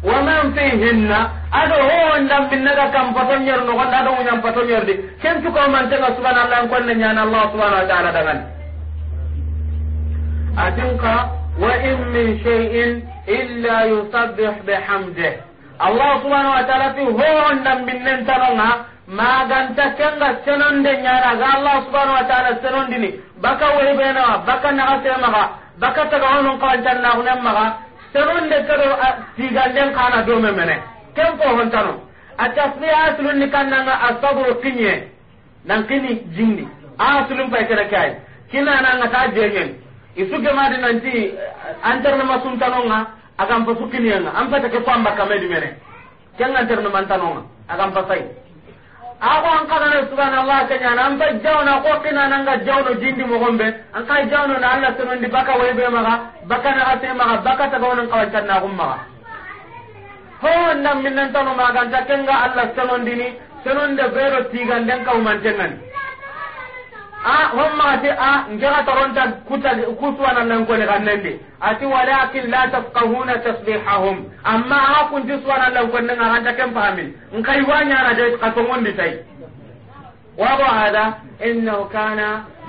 wa man fihinna ado ho ndam binnaga kam paton yer no gonda do munyan paton yer di ken tu ko man ta subhanallah kon nan yana allah subhanahu wa ta'ala dangani atinka wa in min shay'in illa yusabbih bihamdihi allah subhanahu wa ta'ala fi ho ndam binnen tanonga maganta kenga senon de ñana ga allah subhanau wa taala dini baka wehbenawa baka naxa semaxa baka tagawonun kawancannaxunen maxa senonde kedo tiganden kana dome mene ken fohontano a tasniya asulunni kannanga asabro kiñe nankini jindi a asulun pay kene ke ay kinananga ta jeñen isugemadi nanti anternema suntanonga agam fa sukiniyenga an pete ke fo an bakkamedi mene kenga anternemantanonga agam fa sayi ako an kagana e subhanallah keñana an ba jawna ko kinananga jawno jindi mogonɓe an ka na allah di baka wayɓe maga baka na se maga baka tagawonan kawaccannagum maga ho ndam minnantano maganta kenga allah sonondini sononde ɓeero tiganden kawumantengani a hon magati a nkega toronta kusuwana nankoni kannendi ati walakin la tafkahuna tasbihahum amma a kunti suwana nankoni nga hanta ken pahamin nkai wanyana de di tai wabo hada innahu kana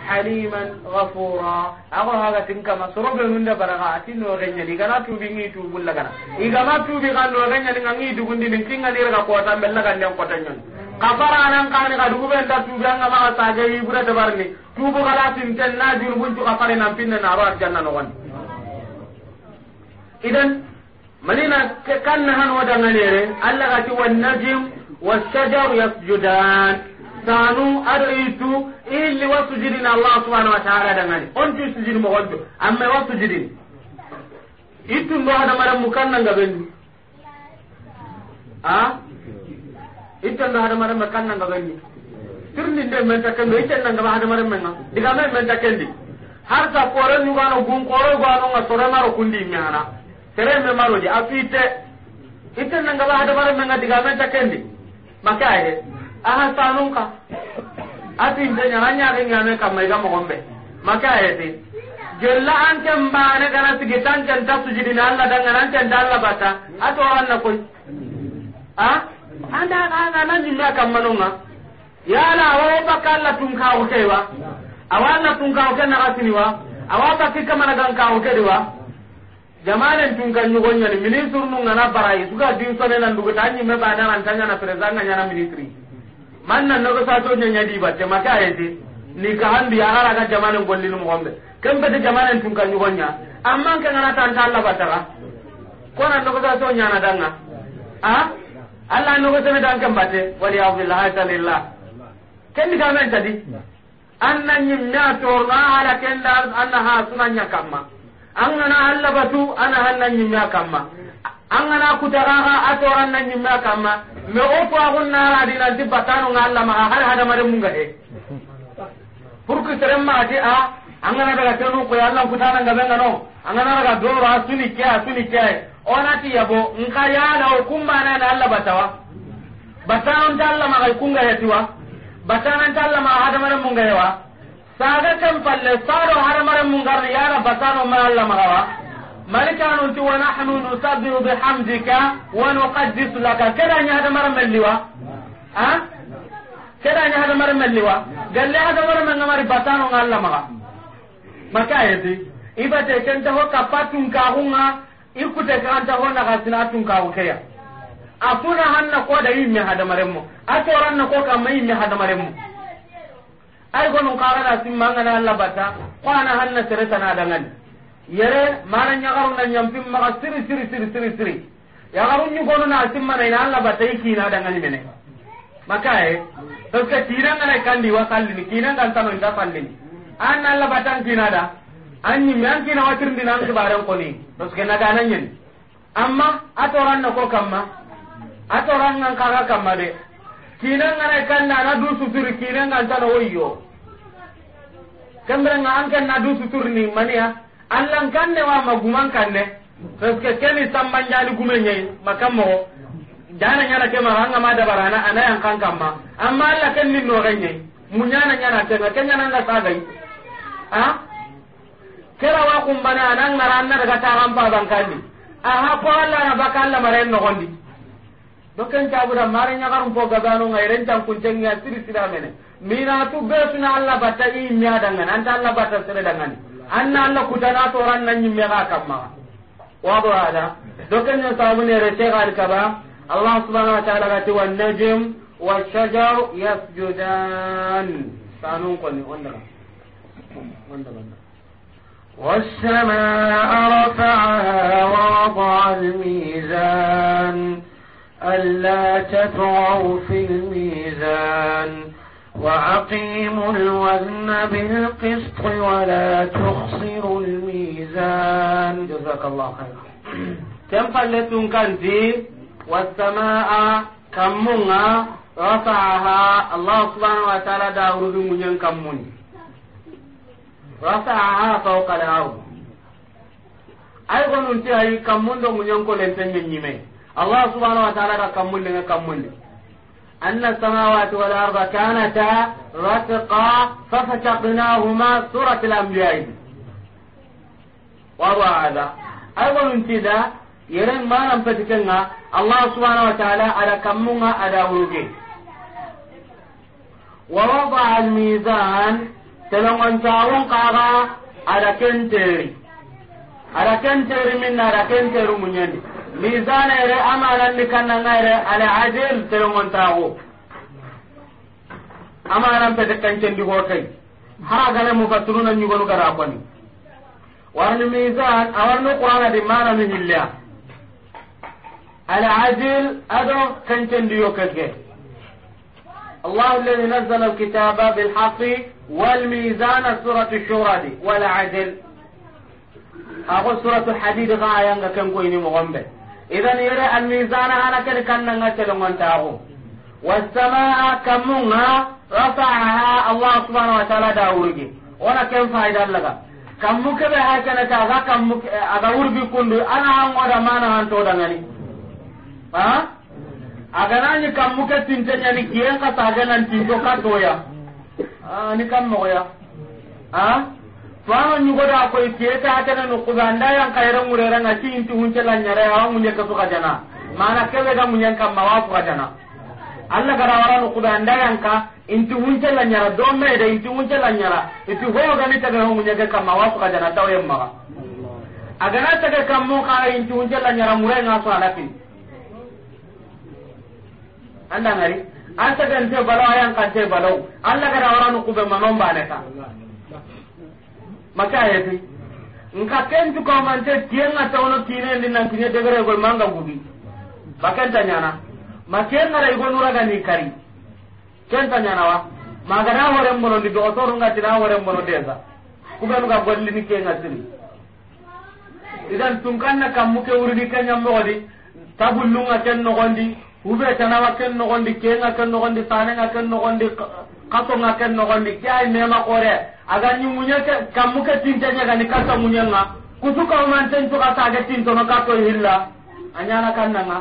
haliman ghafura ago haga tinka ma sorobe nunda baraga ati no ganya ni kana tubi ngi tubulla kana igama tubi kan no ganya ni ngi dugundi ni tinga ni raga kota bella kan nyam kota nyam kafara nan karni ka dugu ben da tuga nga ma ta ga ibura da barni tubu kala tin tan na jur bun tu kafare nan pinne na bar janna no wan idan manina ke kan na han wada ngalere alla ga ti wan najim was shajar yasjudan tanu aritu illi wasjudin allah subhanahu wa ta'ala da ngani on tu sujudin mo gonto amma wasjudin itu ndo hada maram mukanna ga ben ha itten do hadamare me kan nanga ganni men takken do itten nanga men na diga men men har ta kore ni gun kore gwano nga kundi mi hana me maro di afite itten nanga hadamare men na diga men takken di aha sanun ka ati inde nyana nyaare nyame kam mai ga mo gella an kan ba ne kana ta sujudi Allah dan ran tan Allah bata ato ranna koy ah? anda ga na ya la yala e ba kala tun ka o kewa na tun ka o na asini wa awa bakki kamana gan ka o wa jamanen tun kan nyugo nyani ministre nu ngana barai suka din sone nan dugo tanyi me bana ran tanya na president na nyana ministri man nan no sa to nyanya di batte maka ayete ni ka handi ara ga jamanen golli nu gombe kan be jamanen tun kan nyugo nya amma kan ana tan ta la batara ko nan no sa to nyana danga ah. alla no go sene dan kan batte wali billah ta'ala ken diga men tadi anna nyim na n'a ala ken da anna ha sunanya kamma angana alla batu ana hanna nyim na kamma angana kutaraga atoran na nyim na kamma me o fa gunna ra dina dibatano ngalla ma har hada mare munga he purku seremma ti a angana daga tanu ko alla kutana ngabenga no angana daga doro asuni kya asuni kya onati yabo nka yalawo kumbanani allah batawa ta allah maxa kungayetiwa batananta allah maxa hadamaren mungayewa saga ken palle saro hadamaren mungarni yara batano ma allah maxawa malikanunti wanahnu nusabihu bihamdika wanuqaddisu laka kedañi hadamaren melliwa a kedañi hadamaren melliwa galle hadamaren mengamari batanonga allah maxa maka yeti ibate kenta ho kappatunkaxunga ikute ka anta hona ka sina tun ka ukeya afuna hanna ko da yimmi yimme hadamaremmo na ko mai kamma yimme hadamaremmo ay gonum karana simmangana allah bata ko ana hanna seretana dangani yere mana ñagaruna ñampim maxa siri siri siri siri siri na ñugonuna mana ina allah bata yiki na batta i kiina dangani mene makaye parce que tinangana kandi wa sallini kinangantano inta sallini an allah bata kinada anyi me an kina watir ndi nan kibaran koni parce que na nan nyen amma atoran na ko kamma atoran nan kaga kamma de kinan ngana kan na na su suturi kinan ngan tan oyo kambran nan kan na du suturi ni mania allan kan ne wa maguman kan ne parce que keni samman jani gumenye makamo dana nyana ke maranga ma dabarana ana yan kan kamma amma allah kan ni no ganye munyana nyana ke na kenya nan da sagai ha kera wa kumbana nan naran na daga ta taxan pabankandi aha ko allah na baka allah maren gondi dokan ta cabuda mare ngai ren tan eren cankuncenga siri tu be besuna allah batta i immea dangani anta allah batta sere dangani anna allah kutana ran na ñimmexa kammaxa kamma wa do ne re sabunere segaadi kaba allah subhanahu wa taala gati wa najm والشجر يسجدان سانون قلني وندغا وندغا والسماء رفعها ووضع الميزان ألا تطغوا في الميزان وأقيموا الوزن بالقسط ولا تخسروا الميزان جزاك الله خيرا كم فلتون كنتي والسماء كمونا رفعها الله سبحانه وتعالى داود من كموني rafa'a fawqa al-ard ay gonun ti ay kamundo munyan ko len tan nyime allah subhanahu wa ta'ala ka kamunde ka kamunde anna samawati wal arda kanata ratqa fa fataqnahuma surat al-anbiya wa wa'ada ay gonun ti da yeren manan patikenga allah subhanahu wa ta'ala ada kamunga ada uruge wa wada'a al-mizan telongon cawon kaga ada kenteri ada kenteri minna ada kenteri munyani mizana ere amalan ni kannanga ere ala adil telongon tawo amanan pete di hotai hara gale mufassiruna nyugo gara kwani warni mizan awarni qur'ana di mana ni hilla ala adil ado di yokake الله الذي نزل الكتاب بالحق والميزان سورة الشورى دي ولا عجل أقول سورة الحديد غاية كم كويني مغمبة إذا يرى الميزان أنا كان كان نغتل تاغو والسماء كمونها رفعها الله سبحانه وتعالى داورجي ولا كم فايدة لك كم مكبه هكذا تاغا كم مكبه أغا وربي كندو أنا هم ودمانا هنتو دنغني ها aganani kammu ke tinteñani kiyen ka sagenan tinto ka toya hmm. ani ah, kam mogoya a ah? fano ñugoda koy kiye taatene nukuga nda yankayere nga ci inti huncelanyere awa ŋuñe ke suka jana mana keɓe ga muñen kamma awa suka jana allah gara wara nukuga nda yanka inti huncelanyara do meede inti huncelanyara iti hoogani tege ho ŋuñege kama awa suka jana tawen maga hmm. agana tege kammo kaa inti huncelanyara ŋurenga so alakini anda ngari asa gan te balaw ayan kan te balaw alla gara waranu kube manon ba bane ka maka ayati nka ken tu ko man te tienga tawno tine ndi nan tinye de gara gol manga gubi bakan tanyana maken ngara igo nura gani kari ken tanyana wa ma magana hore mbono ndi do toro ngati na hore mbono deza kube nuka golli ni kenga tiri idan tunkanna na muke wuri ni kanyam mo di tabullunga ken no gondi kube tanawa ken nogondi kenga ken nogondi sanenga ken nogondi kasonga ken nogondi ke ay mema kore aga nyumunya ke kamu ke tintanya gani kasa munyanga kutu ka manten to kasa aga tintono kato hilla anyana kannanga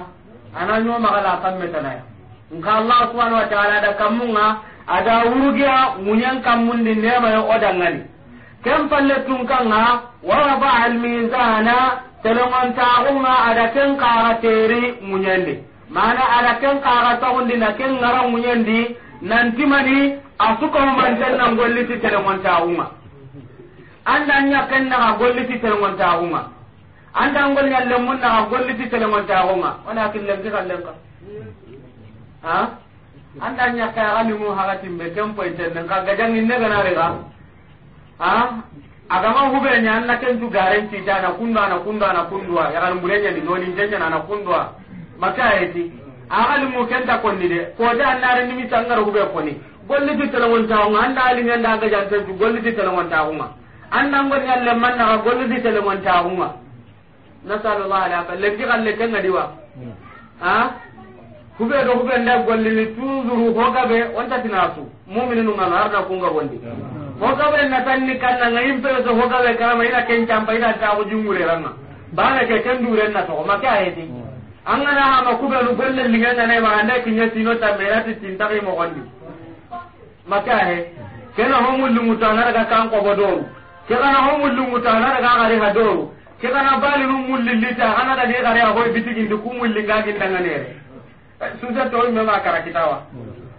ananyo magala kamme tanaya nka allah subhanahu wa ta'ala da kamunga ada wurugia munyan kamundi nema yo odangani kem palle tunkanga wa rafa al mizana telongon taunga ada ken qara teri munyandi mana ala ken kaga tagundina ken ngaranguñendi nantimani a sukahumanten nan golliti telegontaxunga andan ñaken naxa golliti telegontaxunga andan golña lemmun naxa golliti telegontaxunga walakin lenki xa lenka a anda ñakke axa limu haxatimɓe ken poytennen ka gajangin neganarega a agama huɓeña anna kencu garen citana kundu ana kundu ana kunduwa yaxan mbureñani noninteñana ana kunduwa makayeti agali mu kenta konni de ko da annare nimi sangara hube konni golli ti telewon tawnga anda ali ngenda ga jante tu golli ti telewon ma anda ngol nyalle manna ga golli ti telewon na nasallallahu alaihi sallam lengi galle kenga diwa ha hmm. ah? hube do hube nda golli ni tuzuru hoga be onta tinasu mu'mininu ngal arda kunga bondi hmm. hoga be na kan kanna ngayin pe so hoga be kala mai na ken champa ida tawu jungure ranga na ke ken dure na to makayeti angana hama kubenu golle ligengane maga nda kinya sino tambe nati tintaki mogondi maka he kena ho mulungutu anaraga kan kobo doru kekana ho mulungutu anaraga gari ha doru kekana balinu mullillita anada de gari ha hoy bitigindi ku mullinga gindanganere eh, susa toy mema kara kitawa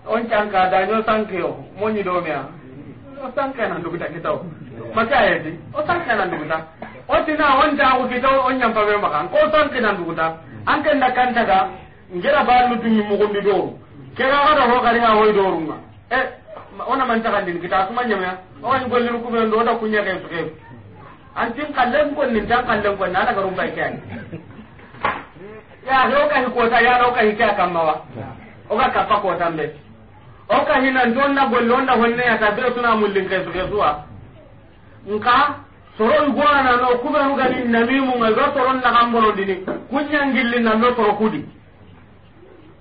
on canka daño sankeo moñi domea o sankena nduguta kitaw maka yeti o sanke na sankena nduguta o tina on jaku kitaw on ma kan ko sanke sankena nduguta an ken da kanta ga ngera ba lutu mu mugundi do ke ga ga ho ga ringa hoy do runga e eh, ona man ta kandin kita kuma nyama o an golli ku be ndo da kunya ke to ke an tin kallan ko ni tan kallan ko na daga rumbai kan ya ho ka hi ko ta ya ho ka hi ka kamma wa o ga ka pa ko tambe o ka hi nan don na gollon da honne ya ta be suna mulin ke to zuwa nka soron na no kubenu namimu nga ga soron na dini kunyangilli na no toro kudi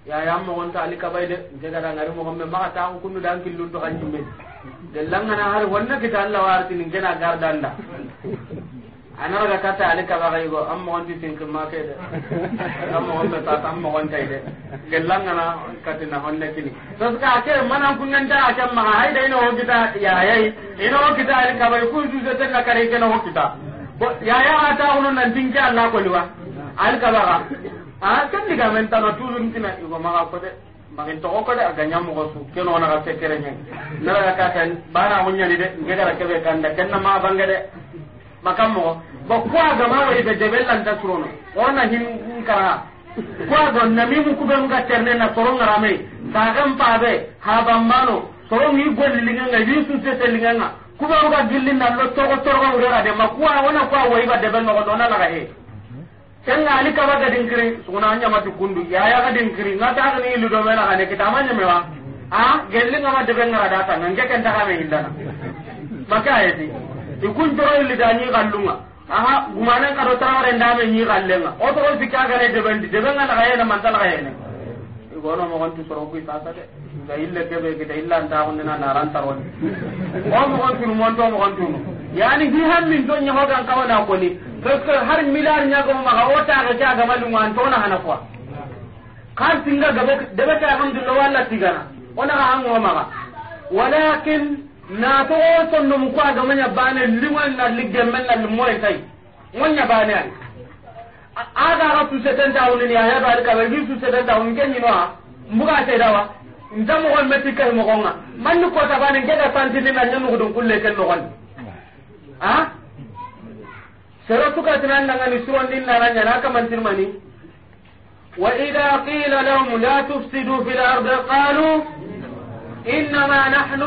ya ya mo ali kabay de nge ngari mo homme ma ta ko kunu dan killu to de langana har wonna kita Allah warti ni ngena gardanda ana ga tata ali ka ga yugo am mo ndi tin kuma ke de am mo on ta am mo on tay de gelanga na katina honne kini to ka ke manan kun nan da ka ma hay dai no kita ya yayi ino kita ali ka ba ku ju zata na kare ke no kita bo ya ya ta uno nan tin ke Allah ko liwa ali ka ba a kan diga men ta na tulun kina yugo ma ko de magin to ko de aga nyam mo su ke no na ka kere nyen na ka ba bana munya ni de ngeda ka be kan da kenna ma bangade bakam mo ba kwa ga ma wai da jabelan da surono ona hin kara kwa ga na mi mu kuben ga terne na soron rame sagan pa be ha ban mano soron yi gol linga yusu se se linga kuben ga gillin na lo togo togo ngora de ma kwa ona kwa wai ba debel no ona na ga he kenga ali kaba ga dinkiri suna anya mati kundu ya ya ga dinkiri na ta ga ni ludo mena ga ne kita manya mewa a ah, gelli ngama de ben ngara data ngan ke kan ta ga me hindana maka ayati ikun toro illida ni gallunga aha gumane kado tarawre ndame ni gallenga o toro fikka gare debendi debenga na gayena mantala gayena igono mo gontu soro ku ta de ga ille kebe gida illa anta on na naran taro o mo gontu mo to mo gontu yani hi hammin don nyaho gan kawana ko ni kasko har milar nyago maga o ta ga ta ga to na hana kwa kan tinga gabe be ta alhamdulillah wala tigana ona ga ma ga walakin na to sonno mu kwa gama nya bane liwan na men na limoy kai wonya bane ai aga ga tu seten ta woni ya ya bari ka ba bi tu seten ta woni ken ni wa mbuga te dawa ndam ko meti kai mo gonga man ko ta bane ke da tanti ni na nyanu gudun kulle ken no gon ha sero tuka tinan nga ni suron din nan nya na kamantir mani wa idha qila lahum la tufsidu fil ardi qalu innama nahnu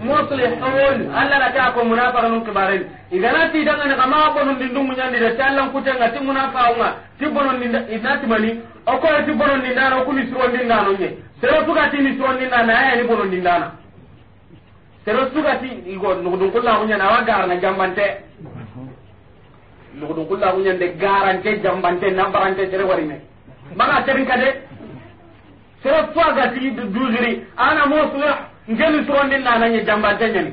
muslihun alla na ta ko munafiqun nun kibarin igana ti danga na kama ko nun dindu munyandi da tallan kutenga ti munafiqunga ti bonon ninda idati mani o ko ti bonon ninda no kuni suron ninda no nye sero tuga ti ni suron ninda na ya ni bonon ninda na sero tuga ti igo nugudun kullahu nya na wa garna jambante nugudun kullahu nya sera fo ga tigi dugiri ana mo suya ngeli surondi nana nya jamba tanyani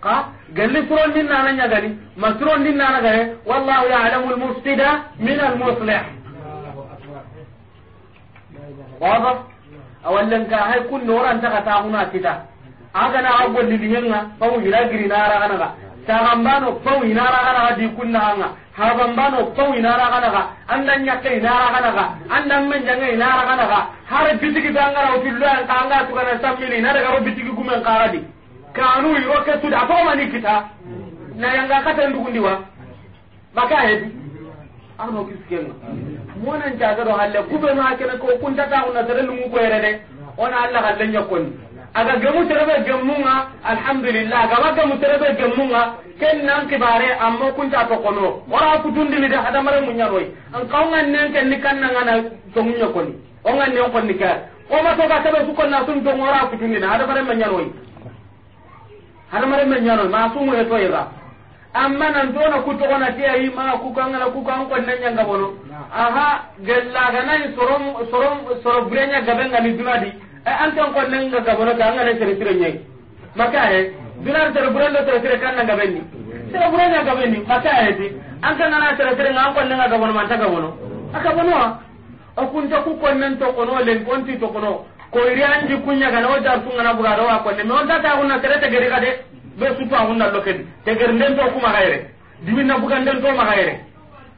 ka gelli surondi nana nya gani ma surondi nana gani wallahu ya'lamu al-mufsida min al-muslih wada awallan ka hay kun noran ta kata huna kita aga na agolli bihenga pawu hiragiri nara kana ga sagambano pawu hinara kana di kunna nga. habambano paw inara kanaga andan nyakke inara kanaga andan menjange inara kanaga har bitigi bangara utullo an kanga kana sammini na daga bitigi gumen karadi kanu iro ke tuda to mani kita na yanga kata ndugundi wa baka hebi arno kiskenga monan jagaro halle kubeno hakene ko kunta ta una tere lungu ko erede ona allah halle nyakoni aga gamu terebe gemmunga alhamdulillah aga ma gamu terebe gemmunga ken nan kibare ammo kunta to kono ora kutundini de hada mare munyaroy an kawnga nen ken ni kanna ngana to munya koni onga nen konni ka o ma to ka tabe su konna sun to ora na hada mare munyaroy hada mare munyaroy ma su mu e to yega amma nan to na kuto kona tiya yi ma ku kan na ku kan kon nan nyanga bono aha gella ga nan sorom sorom soro brenya gabenga ni dunadi Eh, an kan ko nan ga gabono ka an ne sere sere nyai maka he dinar sere buran da sere sere kan nan benni. sere buran ga benni maka he di an kan nan sere sere nan ko nan ga gabono man ta gabono aka bono o kun ta ku ko nan to kono len kon ti to kono ko iri an ji kunya ga o jar kun na buga do wa ko ne on ta ta hunna na te gari ga de be su ta hunna lo ken te gar nden to kuma di min na buga nden to ma ga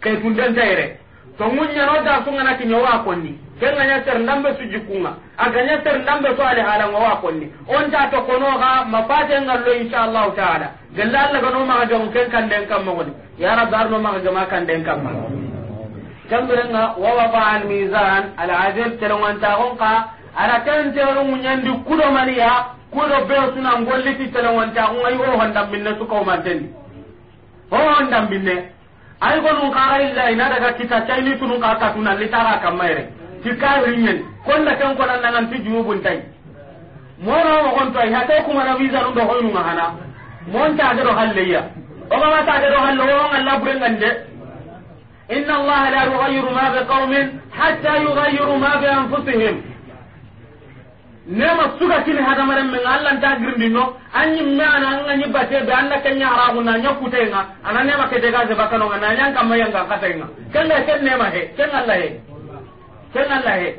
kay tun nden tayre to munya no jar kun na ti nyowa ni kenganya ter ndambe su jikunga aganya ter ndambe to ale hala wa konni on ta to kono ga mafate ngallo inshallah taala galla Allah gano ma ga ken kan den kam ma woni ya rab darno ma ga ma kan den kam ma kambrenga wa ba al mizan al adil telwan ta on ka ara ala tan teru munyandi kudo maniya kudo be suna ngolli ti telwan ta on ngai ho handa minna su ko manten ho handa minne ay gonu kara illa ina daga kita chaini tunu ka ka tunan litara kamaire tikarinyen konna ken konan nangan ti junubun tay moro mo gon toy ha to kuma na visa no do hoynu mahana mon ta ga do halleya o ga ma ta ga do hallo o ngalla burengan de inna allah la yughayyiru ma bi qaumin hatta yughayyiru ma bi anfusihim nema suga kini hadamaren men allah ta girindino anyi mana anga nyi bate be anna kenya haramu na nya kutenga ana nema ke daga ze bakano na nyanga mayanga katenga kenga ken nema he ken allah he kenna la he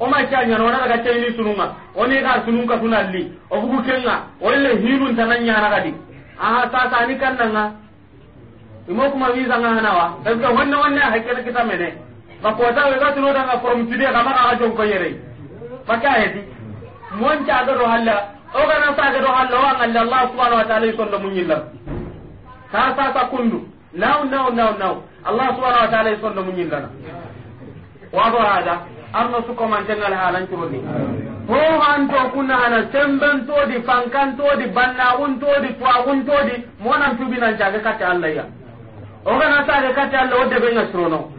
o ma cha nyana ona daga ni sununga oni ga sununga sunalli o bugu kenna olle hinun tananya na gadi aha ta ta ni kannanga imo kuma wi nga hana wa parce que wonna wonna hakkena kita mene ba ko ta wega tuno daga from tide ga ma ga jon ko yere he di mon ta ga do halla o ga na ta ga ro halla wa ngalla allah subhanahu wa ta'ala sallu mun yilla ta ta ta kundu now now now now allah subhanahu wa ta'ala sallu mun yilla wado hada arno su komantengal halancuroni ho hanto kuna ana semben todi fankan todi bannagun todi twagun todi monan tubinancage kate allah ya ogana sage kate allah o o sirono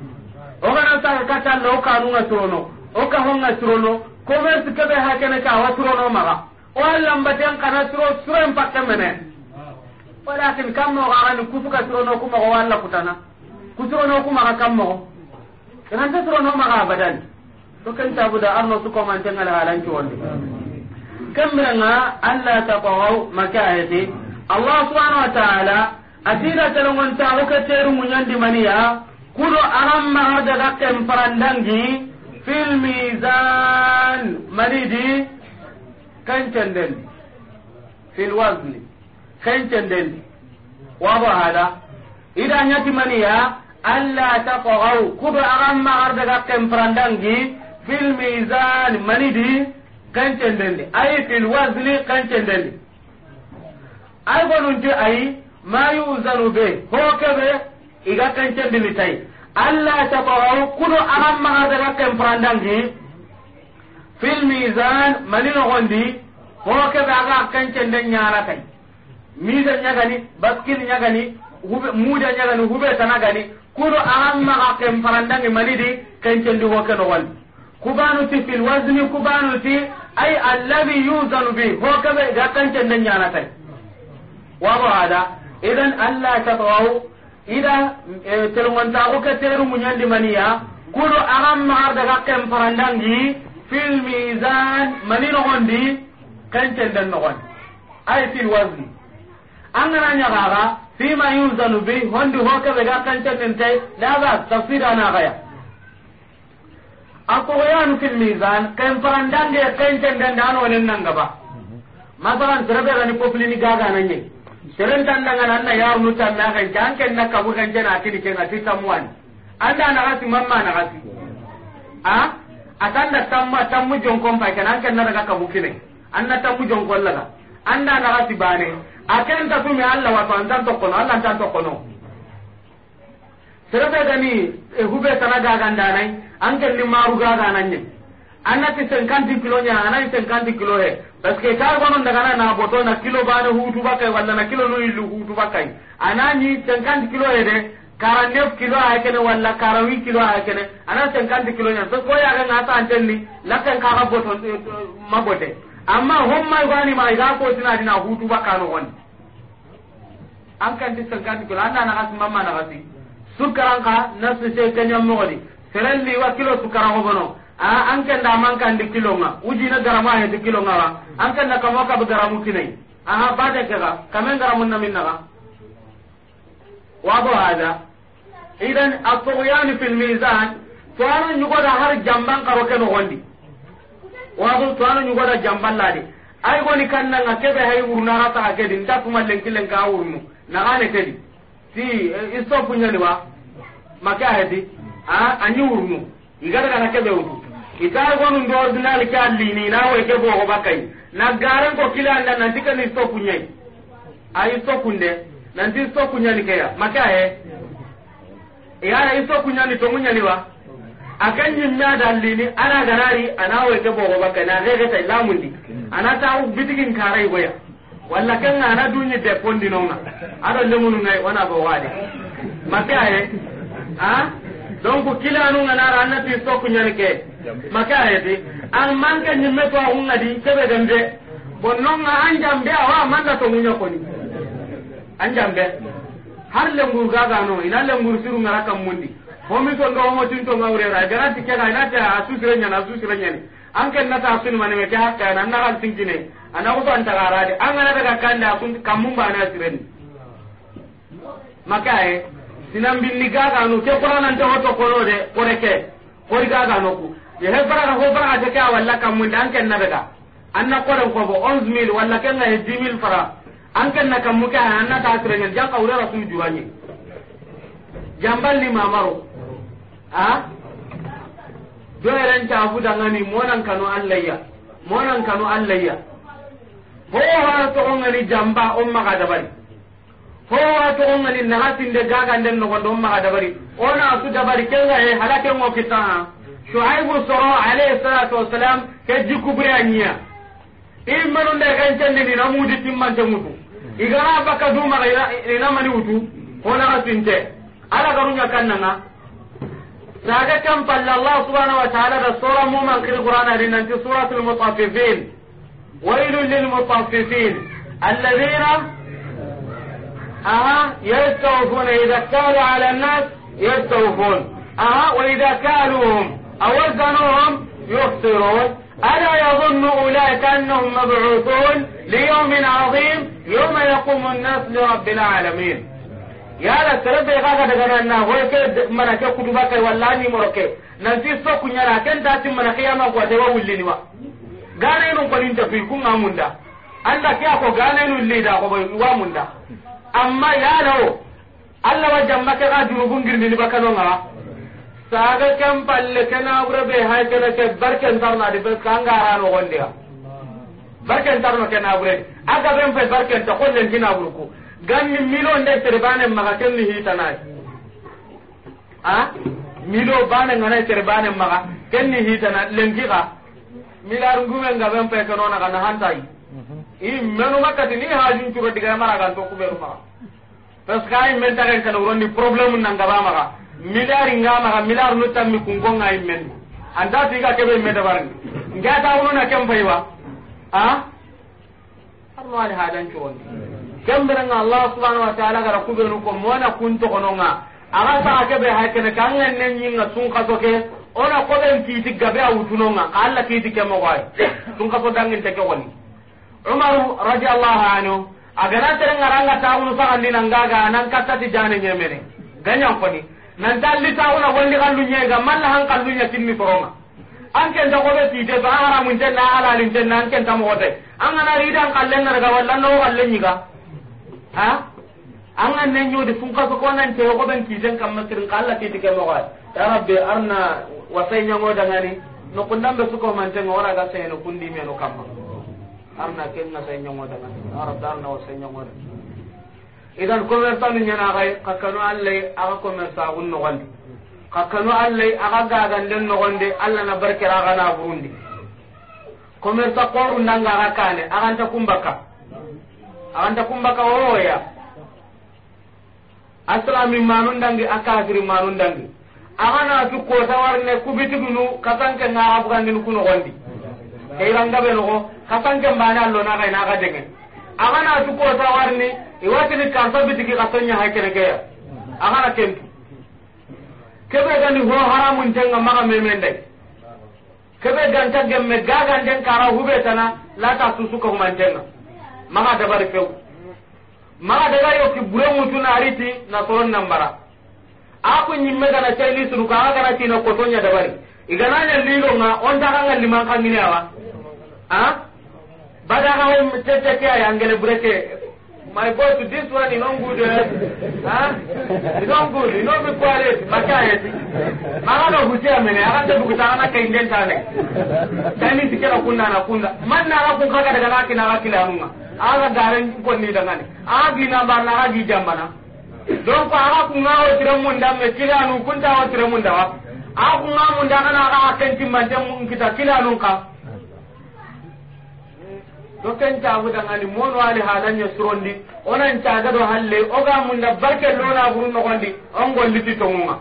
ogana sage kate allah o kanunga sirono o kahonga sirono commerce kebe hakene ka awa sirono maga o allambaten kana siro suren pakke mene walakin kam noxaxani kusuka sirono kumaxo walla kutana kuma kumaxa kam moxo ihan ta suro no maga badan to kan ta buda arno su ko man tangal halan ki wonde kamra nga alla ta qaw maka ayati allah subhanahu wa ta'ala atira talongon ta ko teru munyandi maniya kudo aram magar daga kem parandangi fil mizan malidi kan cenden fil wazni kan cenden wa hada idan yati maniya alla taqaw kudo agam magar daga kemprandangi fil mizan manidi kancendendi ay fil wazni kancendendi ay gonunti ay ma yuzanu be hokebe iga kancendini tay alla taqaw kudo agam magar daga kemprandangi fil mizan manino gondi hokebe aga kancenden nyana tay mizan nyagani baskin nyagani hube muda nyagani hube tanagani kudo ahamma ka kem parandangi manidi kencendi hoke nogondi kubanuti fil wazni kubanuti ay alladhi yuzanu bi hokebe ga kencende ñanatay wabo hada idan allah tatwahu ida e, telgontaku ke teru muñandi maniya kudo ahamma daga kem parandangi fil mizan mani nogondi kencenden nogondi ay fil wazni angana ñagaga fima yuzanu bi hondi hokeɓe ga kancanen tay daga tafsir anagaya a kogoyanu fil misan ken parandange kencendende anonen nangaba masalan sereɓegani poplini gagana ñeng seren tandangana anna yarunu tamme a kence an ken na kabu kencena atini kenga ti tammuani anda nagasi mamma nagasi a atanda tamma tammu jonkon pay ken an ken na daga kabu kine anna tammu jonkollaga anda na hati bane akan ta tumi Allah wa tan tan tokono Allah tan tokono serabe gani e hube tana ga ganda nai an kan ni maru ga ga nan ne annati 50 kilo nya anai 50 kilo he parce que tar daga na boto na kilo bane hutu ba wala na kilo no ilu hutu ba kai anani 50 kilo he de 49 kilo a kene wala 48 kilo a kene ana 50 kilo nya so ko ya ga ngata antenni lakan ka ga boto eh, eh, mabote amma homma gani ma ga ko tina dina hutu ba kano wani an kan ti san kan kula anda na kasu mamma na kasi sukaran ka nasu sai kanya mogodi serelli wa kilo sukaran ho bono a an kan da man kan dikilo kilo nga uji na garama ya dikilo kilo nga an kan da kamo ba garamu kinai aha ba da kaga kamen garamu na min ga wa ba hada idan at-tughyan fil mizan to an yugo da har jamban karo ke no wagun to anu jamballadi ay goni kannanga keɓe hay wurnarata ha kedi nta tuma lenki a wurnu naxane kedi ti istopuñani wa make a a añi wurnu igadagana keɓe wutu ita gonu ndo ordinal ke a lini na woy ke bogo bakkay na garen ko kile anda nanti ken istopuñay a istopunde nanti istopuñani keya make a he yara istopuñani tomuñani wa akan da lini ana garari ana weke bogo baka na ga ta lamundi hmm. ana ta bitigin karai boya walla kan ana dunyi de pondi nonga ado munun ngai wana go wade makaye ha ku kila anu ngana na ti to kunyani maka makaye ti an manka nyimme to unga di kebe gambe bonnonga anjambe awa manda to munya koni jambe har lengur gaga no ina ngur siru ngara kam mundi komi ton ga homo tin ton ga ra gara ti kega ina ta asu sire nya na asu sire nya ni an kan na ta asu ni mane me ka ka na na ran tin kine ana ko an ta gara de an ana daga kan da kun kamun ba na sire ni maka e sinan bin ni ga ga no ke qur'an an ta hoto ko no de ko re ke ko ga ga no ku ye he bara ho bara de ka walla kamun dan kan na daga an na ko ko bo 11000 walla kan na 10000 fara an kan na kamuka an na ta sire nya ja ka ure rasul juwani jambal ni mamaro a do eren cafu ngani monan kanu ya monan kanu allaya ho to ngani jamba umma ga dabari ho de gaga den no nogondo umma ga dabari ona su dabari ga he halake mo kita shuaibu sura alayhi salatu wasalam ke jikubure anyiya immanunde kencendini namudi timmante mutu igana bakka dumaga inamani wutu honaka sinte ala garunya kannanga ساقا كم فل الله سبحانه وتعالى بالصورة مو من القرآن قرآن لأن سورة المطففين ويل للمطففين الذين أها يستوفون إذا اكتالوا على الناس يستوفون أها وإذا كالوهم أو وزنوهم يخسرون ألا يظن أولئك أنهم مبعوثون ليوم عظيم يوم يقوم الناس لرب العالمين yala kare be ga daga nan na ho ke mana ke kutuba kai wallahi moro ke nan si so kunya na kan ta tin mana kiyama ko da wulli ni wa gane nun ko din fi kun amunda anda ke ko gane nun li da ko wa munda amma yala o Allah wa jamma ke ga duru girni ni bakano ngara saga kem palle kana wure be hay kana ke barken tarna di be kanga rano gondiya barken tarno kana wure aga ben fe barken ta konnen kina ko. ganni milo nde terbane maga kenni hitanay a milo bane ngana terbane maga kenni hitana lenki ka milar ngume nga ben peke nona kana hantai mhm. i menu makati ni hajun curo diga mara kan to kuberu maga parce que ay men tagen kana uroni problem nan gaba maga milar nga maga milar nu tammi kungo ngai men anda tiga kebe meda barni ngata wono na kempaiwa a arno ali hadan choni kemberenga allah subhanahu wa ta'ala gara kubenu ko mona kun to kononga aga sa ke be hakene kangen nen nyinga sun kaso ke ona ko ben kiti gabe awutunonga alla kiti ke mo wai sun kaso dangin te ke woni umar radiyallahu anhu agana terenga ranga taunu sa andina ngaga nan katta ti jane ganya ko ni nan dalli tauna gondi kallu nyega malla han kallu nyatinni toronga an ken ta ko be ti te ba haramun te na ala lin te nan ken ta mo wote an ana ridan kallen na daga wallan no kallen nyiga ha anga ne nyodi fun ka ko nan te ko ben kijen kam masirin ka Allah ti ke mo ya rabbi arna wasai nyango dangani no kundam be suko man te ngora ga sai no kundi me no kam arna ken na sai nyango dangani ya rabbi arna wasai nyango idan ko mer tan nyana ga ka kanu Allah aga ko mer sa gun no gandi ka kanu Allah aga ga ga den no gonde Allah na barkira ga na burundi ko mer ta qoru nanga ga kane aga ta kumbaka aganta kumbaka wowoya aslami manundangi akafiri manundangi aganatu kotawarne kubitigunu kasanke nga afgandin kunogondi keirangabe nogo kasanke mbane allonagai naga degen aganatu kotawarni iwatini karsa bitigi kasonyaha kenekeya agana kentu kebe gani ho haramuntenga maga memendai kebe ganta gemme gaganten kara hubetana lata susuka humantenga maga dabari few maga daga yoki bure mutuna ariti na soron nambara aku ñimme gana chayli sunu ka aga na tina kotonya dabari igana nya lilo nga on daga nga liman kangine awa ha bada ga wem tete ke ay angele bureke my boy to this one is not good eh? ha is don't good you not be quiet makaya ti no hutia mene aga te bukuta na ke inden tane tani tikera kunna na kunna man na ra kun kaga daga na kina ga kila aga garen konni dangane aga gina barna aga gi jambana don donc aga kunga o tire mun damme kilanu ta o tire mun dawa aga kunga mun dangana aga kenti mante mun kita kilanu ka do ken caagu dangani mono ali halanya surondi onan caaga do halle oga mun da barke lona buru nogondi on golliti tongunga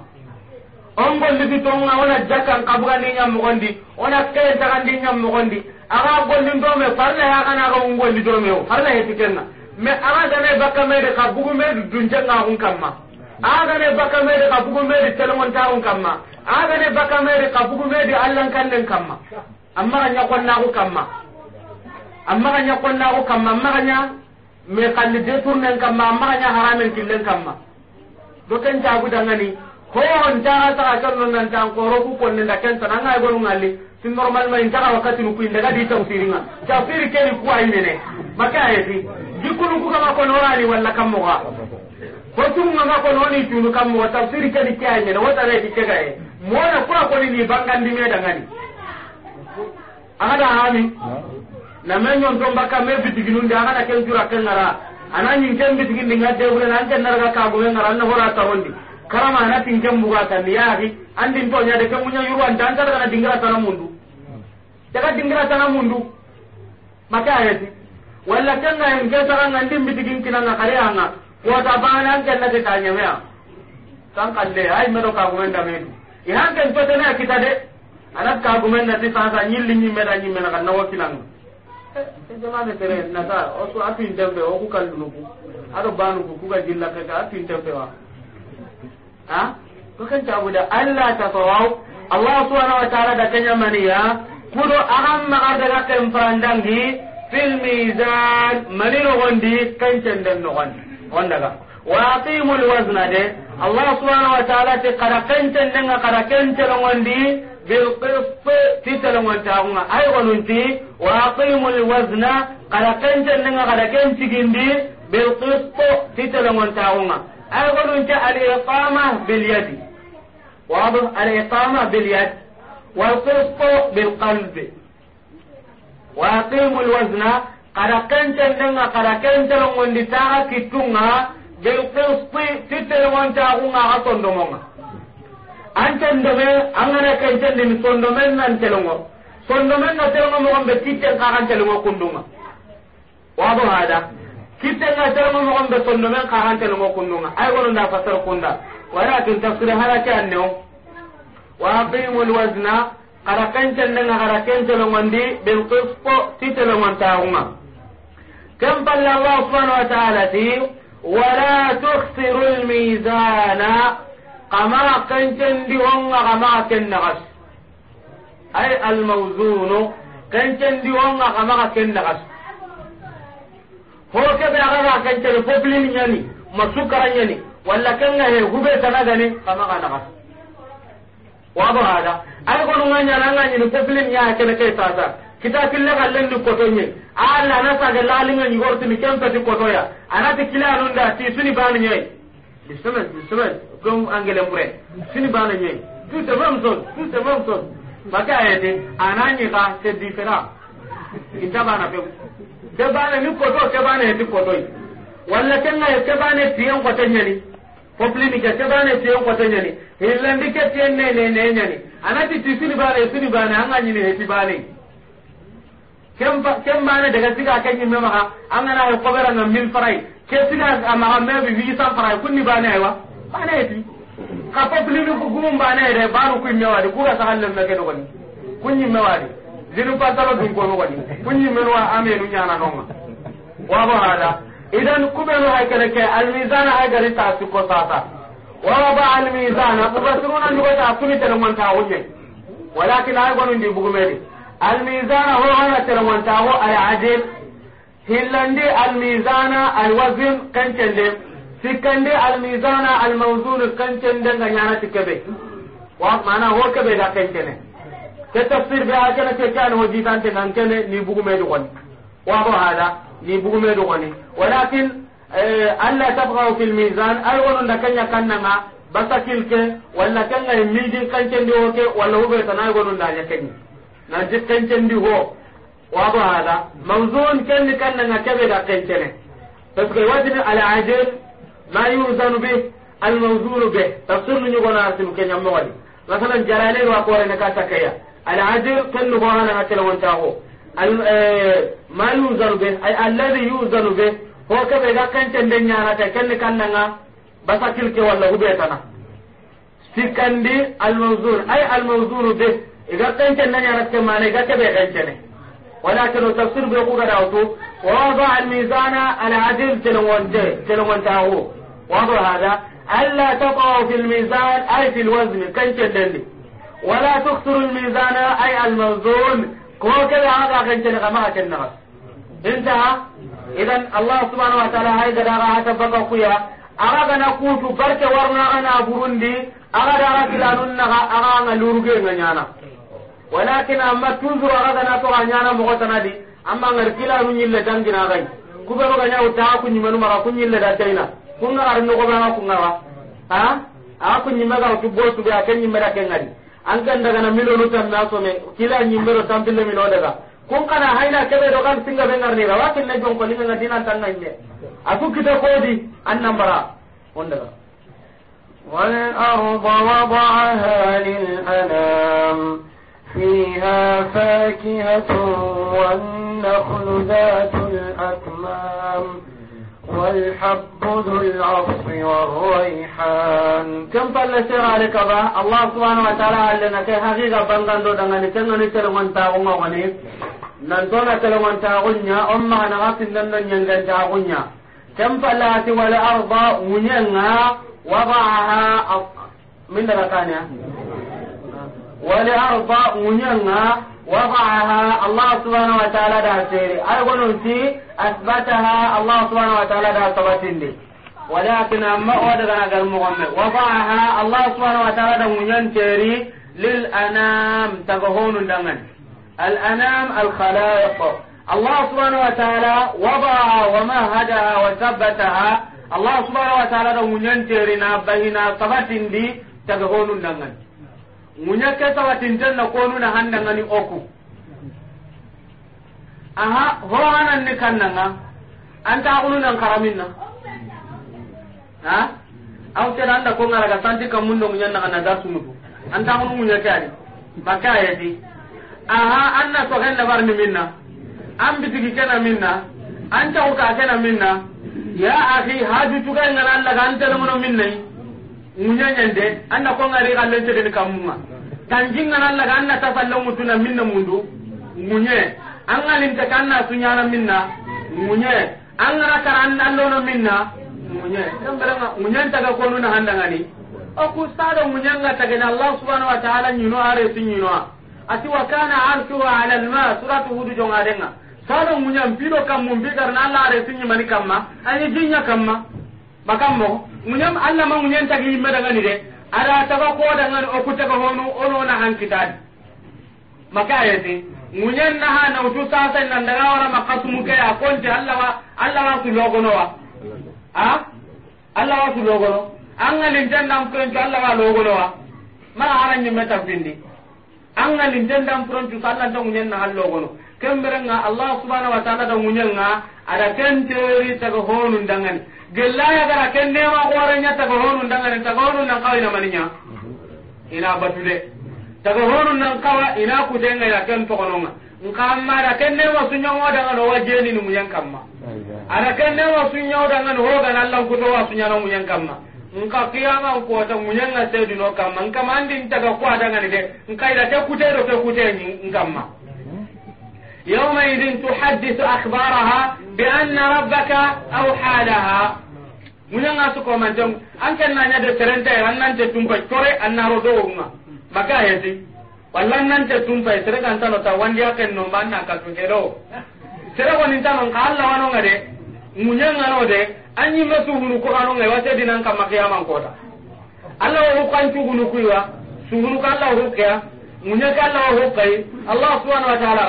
on golliti tongunga ona jakkan kabugandi nyam mogondi ona kelen tagandi nyam mogondi aga gollin do me farla ya kana ga un golli do me farla he tikenna me aga da ne bakka me de kabugu me du dunje na hun kamma aga ne bakka me de kabugu me de telmon ta hun kamma aga ne bakka me de kabugu me de allan kallen kamma amma ganya konna ko kamma amma ganya konna ko kamma amma ganya me kalli de turnen kamma amma ganya haramen killen kamma do ken ta gudangani ko on ta ta ka non nan tan ko ro ku konne da ken tan nga gonu ngali si normalement in taka wakati nu kuin daga dita usiringa tafsiri keni kuwa imene maka ayeti jikunu ku kama kono rani walla kammo ko hotum nga ko noni tunu kammo tafsiri keni kya imene wata re ti kega mona kwa ko ni bangandi me dangani agada ami na menyon don baka me bitiginu nda agada ken jura ken nara ananyin ken bitiginu ngadde wure nan ken nara ka gumen ngara na hora ta hondi karama na tinken mbuga ta ni yahi andi to nya de kan munya yuruan dan tar daga dingira tana mundu daga dingira tana mundu maka ayati walla kan na en ke tara nan din digin kinan na kare anga ko ta bana an kan na ke tanya me kan kalle ai me do ka gumen da me i han kan to tana kita de anak ka gumen na ti sa nyilli ni me da ni me na kan na wakilan eh, jama ne tere na ta o su apin dembe o ku kallu ku ado banu ku ku ga jilla ka apin dembe wa ha ko kan ta da Allah ta fawaw allah subhanahu wa ta'ala da kanya maniya kudo agan ma ga daga kan di fil mizan no gondi kan dan no gondi ga wa aqimul wazna de allah subhanahu wa ta'ala ti qara kan dan qara kan tandan gondi bil qist ti tandan gondi ay gonunti wa aqimul wazna qara kan dan qara kan tigindi bil qist ti tandan gondi akadu ce alifama biliyadi alifama biliyadi wa su ko bikan bi waa simul wazina kada kente ne nga kada kente mun di ta aci tunga jel kose kuyi titi kanta aunga a ka sondo muma an ce ndomi anga ne ke ce ni sondo me ne an cene nga sondo me ne kittenga termo mogon ɓe sonno men karantenongo kunnunga ay gono nda fasar kunda walakin tafsir hala an new wa nga aqimu lwasna kara kencendenga kara kentelongondi bilkisto titelongontaxunga ken palle allah subhanau wa taala ti wala tuksiru lmisana kamaa kencendihonga kamaa ken nagas ay almauzunu kencendihonga kamaa ken nagas ho kebe aga ga kente ko blin nyani masukara nyani walla kanga he hube tana gani kama kana ka wa ba hada ay ko nunga nyana nga nyini ko blin nya kene ke tata kita kille ga lenni ko to nyi alla na sa ga lalinga ni gorti ni kempe ti ko to ya anati kila nunda ti suni bani nyi bismillah bismillah gom angele mure suni bani nyi tu te vam tu te vam maka ayete ananyi ka se difera kita bana pe ke ni koto ke bana heti koto yi walla kenga ke bana tiyen koto nyani popli ni ke bana tiyen koto nyani hillandi ke tiyen ne ne ne nyani anati tisini bane isini bana anga nyini heti bana kem bana daga siga ke nyimme maka anga na kobera na min farai ke siga amaka mebi wi san farai kuni bana aywa bana heti ka popli ni ku gumum bana ede bana ku nyawa de ku ga sahalle meke no kun nyimme jinu patalo dun ko wadi kunyi men wa amenu nyana nonga wa ba hada idan kubenu hay kare ke al mizana hay gari ta su ko sata wa ba al mizana mubasiruna ndugo ta kuni tele mon ta wonye walakin ay gonu ndi gumeri al mizana ho hana tele mon ta ho al ajib hillande al mizana al wazn kancende sikande al mizana al mawzun kancende nga nyana tikebe wa mana ho kebe da kancene ke tafsir be akene ke kan ho jitante nan kene ni bugu me dogon wa ba hada ni bugu me dogoni walakin eh, alla tabgha fil mizan ay wonon da kanya kannanga wala ke walla kanga midin kancendi ho ke wala ube tanay gonon da nya kenni nan jit kancendi ho wa ba hada mawzun kanna kannanga kebe da kancene parce que wajib ala ajil ma yuzan bi al mawzun bih tafsir ni gona asim kenya wadi masalan jarale wa ko ne ka takaya العدل كل بوانا هكذا وانتاهو ما يوزن به أي الذي يوزن به هو كيف إذا كنت الدنيا هكذا كن لنا بس تلك كي والله بيتنا سكندي الموزون أي الموزون به إذا كنت الدنيا هكذا ما نيجا كبه كنتني ولكن التفسير بيقول دعوته ووضع الميزان العدل تلونته وانتاهو واضح هذا ألا تقع في الميزان أي في الوزن كنت الدنيا ولا تكثروا الميزان أي الموزون كوكب هذا غنتنا كما كنا انتهى إذا الله سبحانه وتعالى هيدا دارا هتبقى قويا aga gana kutu barke warna ana burundi aga dara kilanun naga aga nga lurge nga nyana walakin amma tunzuru aga gana to ga nyana mo gotana di amma ngar kilanu nyille dangina gai kubero ga nyaw ta ku nyimanu maka ku nyille da taina ku nga arno ko ba ku nga ha aga ku nyimaga ku bosu be akan nyimara kengari an kan daga na milonu tan na so me kila nyimbero tampille mi no daga kun kana haina kebe do kan singa be ngarni ga wakin ne jon ko linga ngadina tan na inde aku kita kodi an nambara on daga والأرض وضعها للأنام فيها فاكهة والنخل ذات الأكمام والحب ذو العصف والريحان كم بل سير عليك با الله سبحانه وتعالى علنا كي حقيقة بانغان دو دنغاني تنغاني تلوان تاغو مغاني نانتونا تلوان تاغونا أما نغاقن لنن ينغان تاغونا كم فلات والأرض ونينا وضعها من دغتانيا والأرض ونينا وضعها الله سبحانه وتعالى دا سيري أيضا في أثبتها الله سبحانه وتعالى دا سبتني ولكن أما أودغنا قال مغمي وضعها الله سبحانه وتعالى دا منينتري للأنام تقهون لمن الأنام الخلائق الله سبحانه وتعالى وضعها ومهدها وثبتها الله سبحانه وتعالى دا منينتري نابهنا سبتني تقهون لمن munya ke tawatinten na konuna handangani oku aha hohananni kannanga anta akununan karaminna ha aw keda anda ko ngaraga santi kamundo munyannaka na darsunutu anta akunu munya ke adi bakka ayeti aha anna sohen labarni minna an bitigi kena minna an cagu ka kena minna ya akhi haju cugaengana allaga an telemono minnai munyenyende anna ko ngari galle te den kamunga tanjinga na ga anna tafalla mutuna minna mundu munye angalin te kanna sunyana minna munye angara karan allono minna munye tambara munye ta ga konu na handangani o ku sada munyanga ta ga Allah subhanahu wa ta'ala nyino are sinyino ati wa kana arshu ala alma suratu hud jongadenga sada munyam bido kam mumbi karna Allah are sinyi mani kamma anyi jinya kamma bakam mo munyam alla ma munyen tagi himbe daga de ada taga ko daga ni oku taga hono ono na han kitadi maka ayati munyen na ha na utu sasa nan daga wara makasum ke ya konti alla wa su logo no wa ha su logo no an ga lin tan dam ko alla wa logo no wa ma aran ni meta pindi an ga lin tan dam prontu sala ta munyen na hal logo no kembere nga allah subhanahu wa ta'ala da munyen nga ada kenteri taga hono dangani gellaya gara ken nema horenya taga honun dangane taga honun nan kawa ina maninya ina batu de taga honun nan kawa ina kutenga ina ken tokononga nkamma da ken nema sunyango dangane wa jeni ni muyan kamma ada ken nema sunyango dangane hoga na Allah kuto wa sunyana muyan kamma nka kiyama ko ta muyan na sai dino kamma nkamma andin taga kwa dangane de nkaida te kutedo te ni nkamma يومئذ تحدث أخبارها بأن ربك أوحى لها munanga su ko man tan an kan na da serenta ran nan te tumpa kore an na rodo uma maka yesi wallan nan te tumpa sere kan tan ta wandi akan no man na ka tu hero sere ko nin tan ka Allah wano ngade munanga no de an yi masu hunu ko kanu ngai wate dinan kam makiya man kota Allah wo kan tu hunu kuwa su hunu ka Allah ho kya munya ka Allah ho kai Allah subhanahu wa ta'ala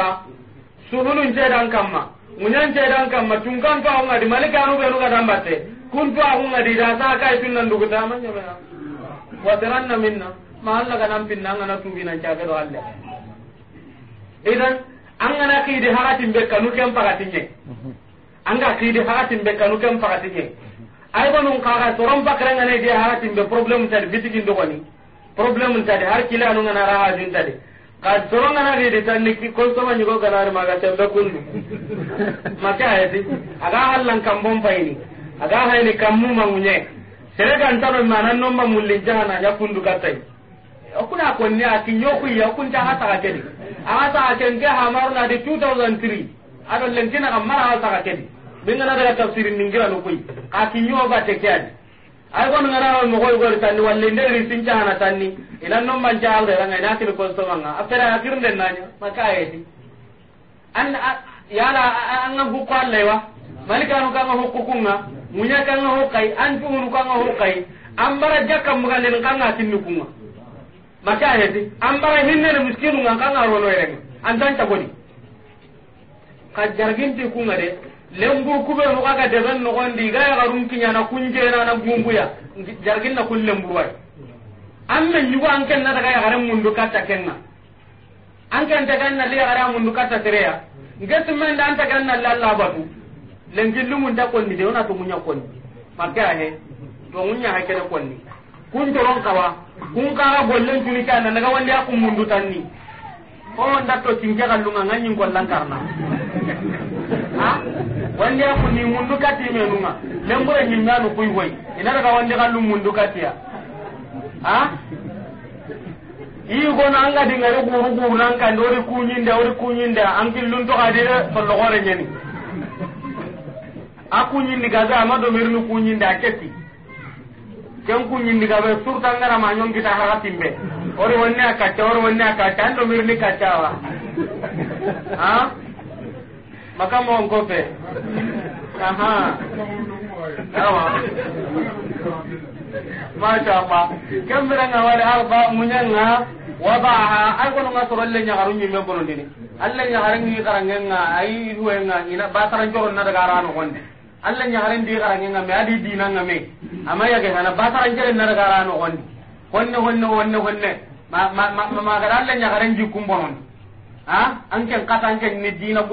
sununun cedan kamma munyan cedan kamma tunkan to awunga di malikanu benu kadambatte kun to awunga di dasa kai tunnan wa bena na minna ma Allah ga nan pinna ngana tubi nan cabe do Allah idan an ngana ki di haratin be kanu kem pagatinye an ga ki di haratin be kanu kem pagatinye ay banun soron pakra ngana di haratin be problem tadi bitikin do woni problem tadi har kila anu ngana raha jun tadi kad sorongana ridi tan nikki kostoma ñigo ganari maga sembe kundu make ayeti aga hallan kambon payini aga hayni kammuma ŋuñe seregantano manan nomba mullin jahanaña kundu kattay okuna konni aki ñokuya okunta ha taxa kedi axa taxa ken ke hamarunadi 2003 aɗo lentina kam mara ha taxa kedi ɓe ngana daga tafsiri ningiranu kuy aki ñobate ke adi ay gon ngara wal mogoy gol tanni walle nderi sin jahana tanni Ila non man jahal de ranga na tin kon somanga afera akir den nanya maka ayeti an yala an ga hukku alle wa malika no kanga hukku kunga munya kanga hukkai an tuunu kanga hukkai ambara jakka mugan den kanga tinni kunga maka ayeti ambara hinne ne miskinu nga kanga rono yeren an tan ta goni ka jarginti kunga de lembur kube no kaga deben no gondi ga ya garun kinya na kunje na na bumbuya jargin na kun lembur wai amma nyugo an ken na daga ya garan mundu kata kenna an ken daga na le garan mundu kata tereya ngetu men dan daga na lalla batu lengin lumun da konni de ona to munya konni makka he to munya ha kene konni kun toron kawa kun kara gollen tuni kana daga wanda ya kun mundu tanni ko oh, ndatto tinke kallunga nganyin kollan karna ha wande ya kunni mundu kati me nunga lembure nyimna nu kuy hoy ina daga wande kallu mundu kati ya ha igo na anga dinga ru guru guru nan kan dori kunyinda ori kunyinda an killun to kadire sollo gore nyeni akunyindi gaza amado mirnu kunyinda aketi ken kunyindi gabe surta ngara ma nyon kita haratimbe ori wonne akacha ori wonne akacha ando mirni kachawa ha maka mon ko fe aha awa masha Allah kam biranga wala arba munyanga wabaha ay kono nga soro le nyagaru nyi me bonon dini alle nyagaru nyi karange nga ay duwe nga ina ba batara joro na daga rano gonde alle nyagaru ndi karange nga me adi dina nga me amaya ke ga ba batara jere na daga rano gonde honne honne honne honne ma ma ma ma ga alle nyagaru nyi kumbo non ha an ken ni an ken ni dina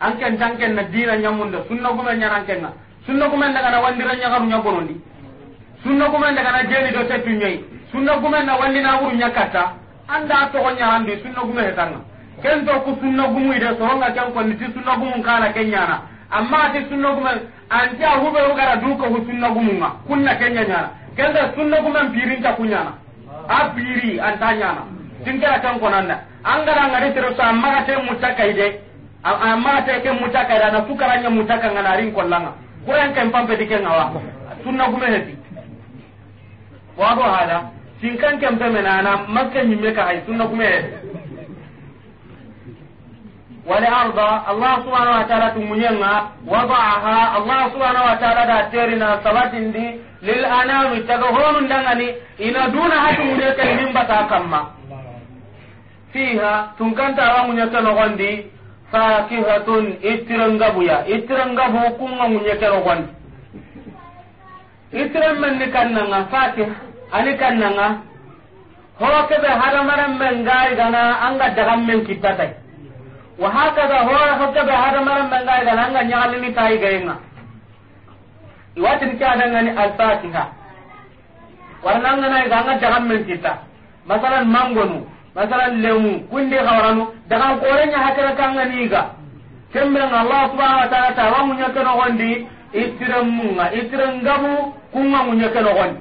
an ken tan ken na dina nyamunda sunna kuma nyaran na sunna kuma daga na wandira nyagaru nyagonondi sunna kuma daga na jeli do tetu nyai sunna kuma na wandina wuru nyakata anda to ko nyarande sunna kuma he ken to ku sunna gumu ida so nga ken ko niti sunna gumu kala ken nyana amma ti sunna kuma anti a hube gara sunna gumu ma kunna ken da sunna kuma ta kunyana a piri antanya na tinkara kan konanda angara ngari amma ka te mutaka ide amma ta ke mutaka da na sukaranya mutaka rin kollanga kuran kan pampe dike ngawa sunna kuma hada sin kan kan na na makka nyimme ka hay sunna kuma hedi wal arda allah subhanahu wa ta'ala allah subhanahu wa ta'ala da terina sabatin di lil anami taga dangani ina duna hatu munye kan nimba ta kamma fiha fakihatun itirangabuya itirangabu kunga kero gwan itiran men ni kannanga fakih ani kannanga be hadamaran men gai gana anga dagam men kitatai wa hakaza ho be hadamaran men gari gana anga ni tai gayenga iwatin kada ngani al-fatiha warna ngana anga dagam men kitta masalan mangonu masalan lemu kundi hawranu daga korenya hakara kanga niga kembe nga allah subhanahu wa ta'ala tawa munya keno gondi itiram munga itiram gamu kunga munya keno gondi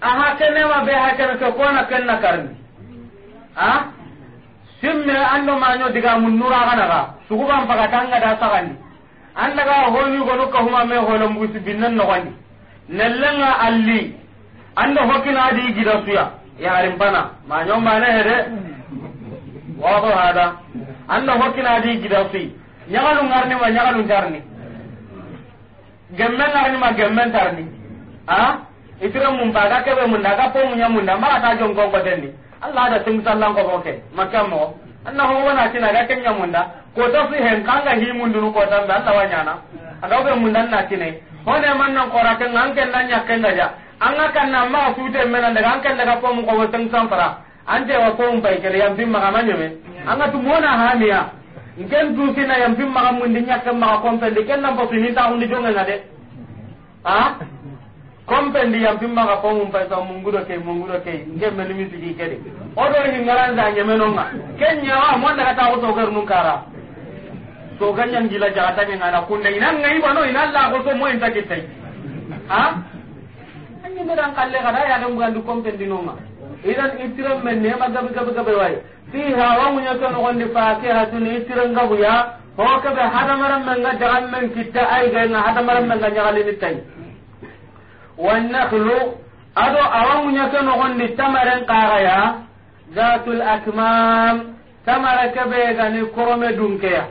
aha kene ma be hakara ko kona kenna karni ha simme ando manyo diga mun nura kana ga suguban paga tanga da sagandi anda ga honu gonu ka huma me holombusi binnan no gondi nellanga alli anda hokina di gida suya yarin bana ma nyom bana hede wa ko hada anda hokina di gidasi nyagalu ngarni ma nyagalu jarni gemme ngarni ma gemme tarni ha itira mun baga kebe mun daga po mun nyamun da ma ta jong ko denni allah da tum sallan ko boke makamo anna ho wana tina ga kenya mun da ko ta fi hen kanga hi mun duru ko tan da allah wanyana adaw be mun dan na tine hone man nan ko ra kan an ken nan nyakken da ja an ga kan ma ku te mena daga an kan daga ko ko wasan samfara an te wa ko bai kare yan bimma ma nyame an ga tumona hamiya miya ngen du sina yan bimma ma mun dinya kan ma ko pen de ken nan ba tuni ta hundi jonga ha kom pen di yan bimma maka ko mu sa mun gudo ke mun gudo ke ngen men mi sigi kede o do ni ngaran za nyame no ma ken nya wa mon daga ta ko to gar mun kara to ganyan gila jata nyana kunde inan ngai bano inan la ko so mo inta ha anyi me dan kalle kada ya dan bugan du kompen dinoma idan itiran men ne ma gabe gabe gabe wai fiha wa munya to no gonde fakihatun itiran gabu ya ho ka be hadamaran men ga jaran men kitta ai ga na hadamaran men ga nyagali ni tai wan nakhlu ado awamunya to no gonde tamaran qara ya zatul akmam tamara kabe ga ni korome dunkeya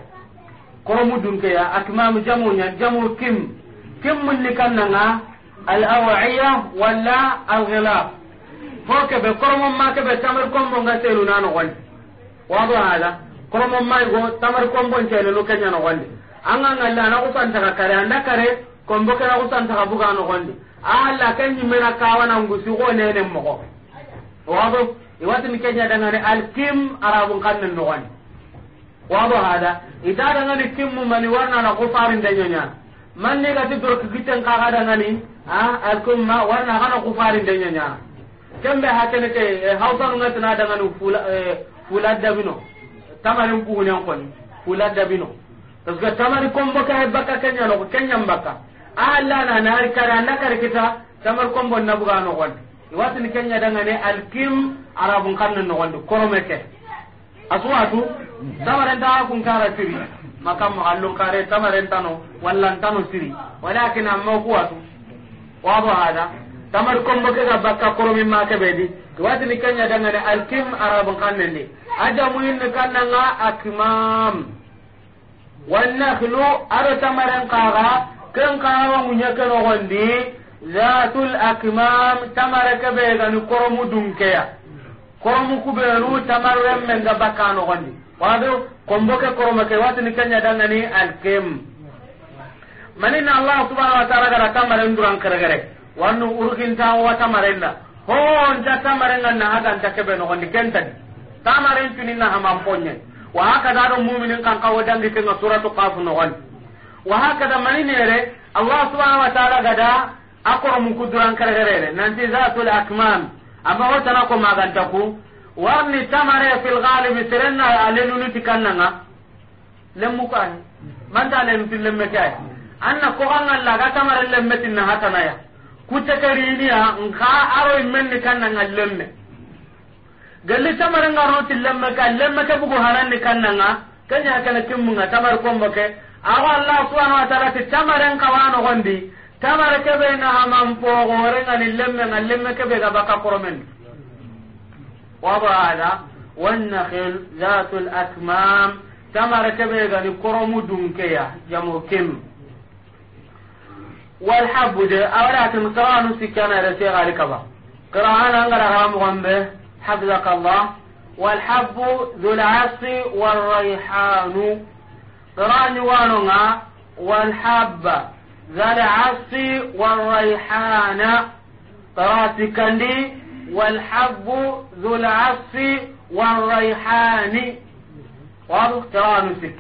koromu dunkeya akmam jamunya jamu kim kim kan kannanga Al'aawo ciyaa walaa al-khelaaf hoo kebe korma maa kebe tamar komboon ka seeru naa n'qolle waabaa haa daa korma maay koo tamar komboon ceelelu ka nyaa n'qolle. an gaana laana u saan kare a na kare combo keraa u saan saka bukka a n'qolle aallaa ka nyimina kaawwa naamu gosi woo nee na muqo waabaa haa daa i waatini ka nyaa dhaqnaa ne al kiim araabuun qabna n'qolle waabaa haa daa iddoo dhaqnaa ni kiim muummee warnaa na ku faaru danyoo nyaa manni ka si dur a ma warna kana kufarin de nyanya kembe hakene ke eh, hausa nunga tana daga nu fula eh, fula dabino tamarin kuhunen kon fula dabino parce que tamari kombo ka baka kenya no kenya mbaka ala ah, na na kara na kar kita tamar kombo na buga no kon watin kenya daga ne alkim arabun kannan no gon koromeke aswatu tamaren ta kun kara tiri makam allun kare tamaren tano wallan tano tiri walakin amma kuwatu wabo hada tamar kombo ke ga bakka koromi ma ke bedi wati ni kanya danga ne alkim arabun kannen ni aja muyin ne kannanga akmam wannakhlu aro tamaran qaga kan qawa munya kan gondi zatul akmam tamara ke be ga ni koromu dunkeya koromu kuberu tamarren men ga bakka no gondi wado kombo ke koroma ke wati ni kanya danga ne alkim mani na allah subhanahu wa ta'ala gara tamaren duran karagare wannu urkinta wa tamarenda ho nta tamarenga na haga nta kebe no gondi kenta tamaren tuni na hamam ponye wa haka da don mu'minin kan kawo dangi kan suratu qaf no gondi wa haka da mani nere allah subhanahu wa ta'ala gada akoro mu kuduran karagare ne nanti zatul akmam amma hotana ko maganta ku warni tamare fil ghalib sirenna alenu nitikanna nga lemmu kan man ta lem fil lemme kai anna ko an Allah ga tamar lemmetin na hatana ya kuta kariniya nka aro menni kanna ngallemme nga tamar ti tilemme ka lemme ka bugu ni kanna nga kanya hakana kimmunga tamar kombo ke ago Allah subhanahu wa ta'ala ti tamar en kawano gondi tamar ke be na haman po gore ngani lemme lemme ke be ga baka koromen wa ala wan nakhil zatul akmam tamar ke be ga ni koromu dunkeya jamo kim والحب ده أولا تمقران سكانا رسي غالك با قرآن أنقر هرام غنبه حفظك الله والحب ذو العصف والريحان قرآن وانونا والحب ذو العصف والريحان قرآن كندي والحب ذو العصف والريحان واضح قرآن سك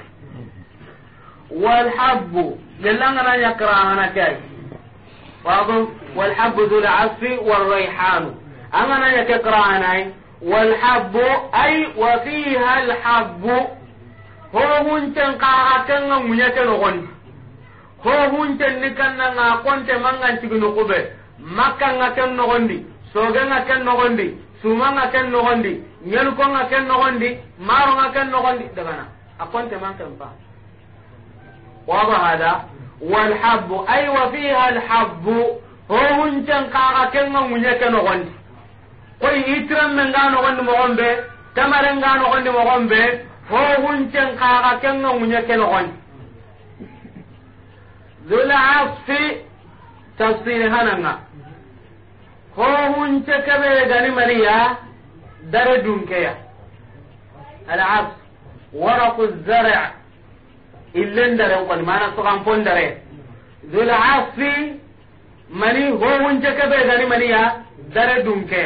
والحب لله أنا يقرأ أنا كيف واظن والحب ذو العصف والريحان أما من تقرأنا والحب أي وفيها الحب هو هنتن قاها كان منيتن غن هو هنتن نكنا ناقونت منغان تغن قبه مكة كان نغندي سوغا كان نغندي سوما كان نغندي نيلكو كان نغندي مارو كان نغندي دغنا أقونت منكن با واضح هذا walhabbu ay wa fiha alhabbu o hun jang ka ka keng ma munya ke no gon ko yi tran na ngano gon mo gon be tamare ngano gon mo gon be o hun jang ka ka keng ma munya ke gani mariya dare dun ke ya alaf waraqu zar'a illen dare wal mana so kan pon dare zul asfi mani ho won je ke be gani mani ya dare dum ke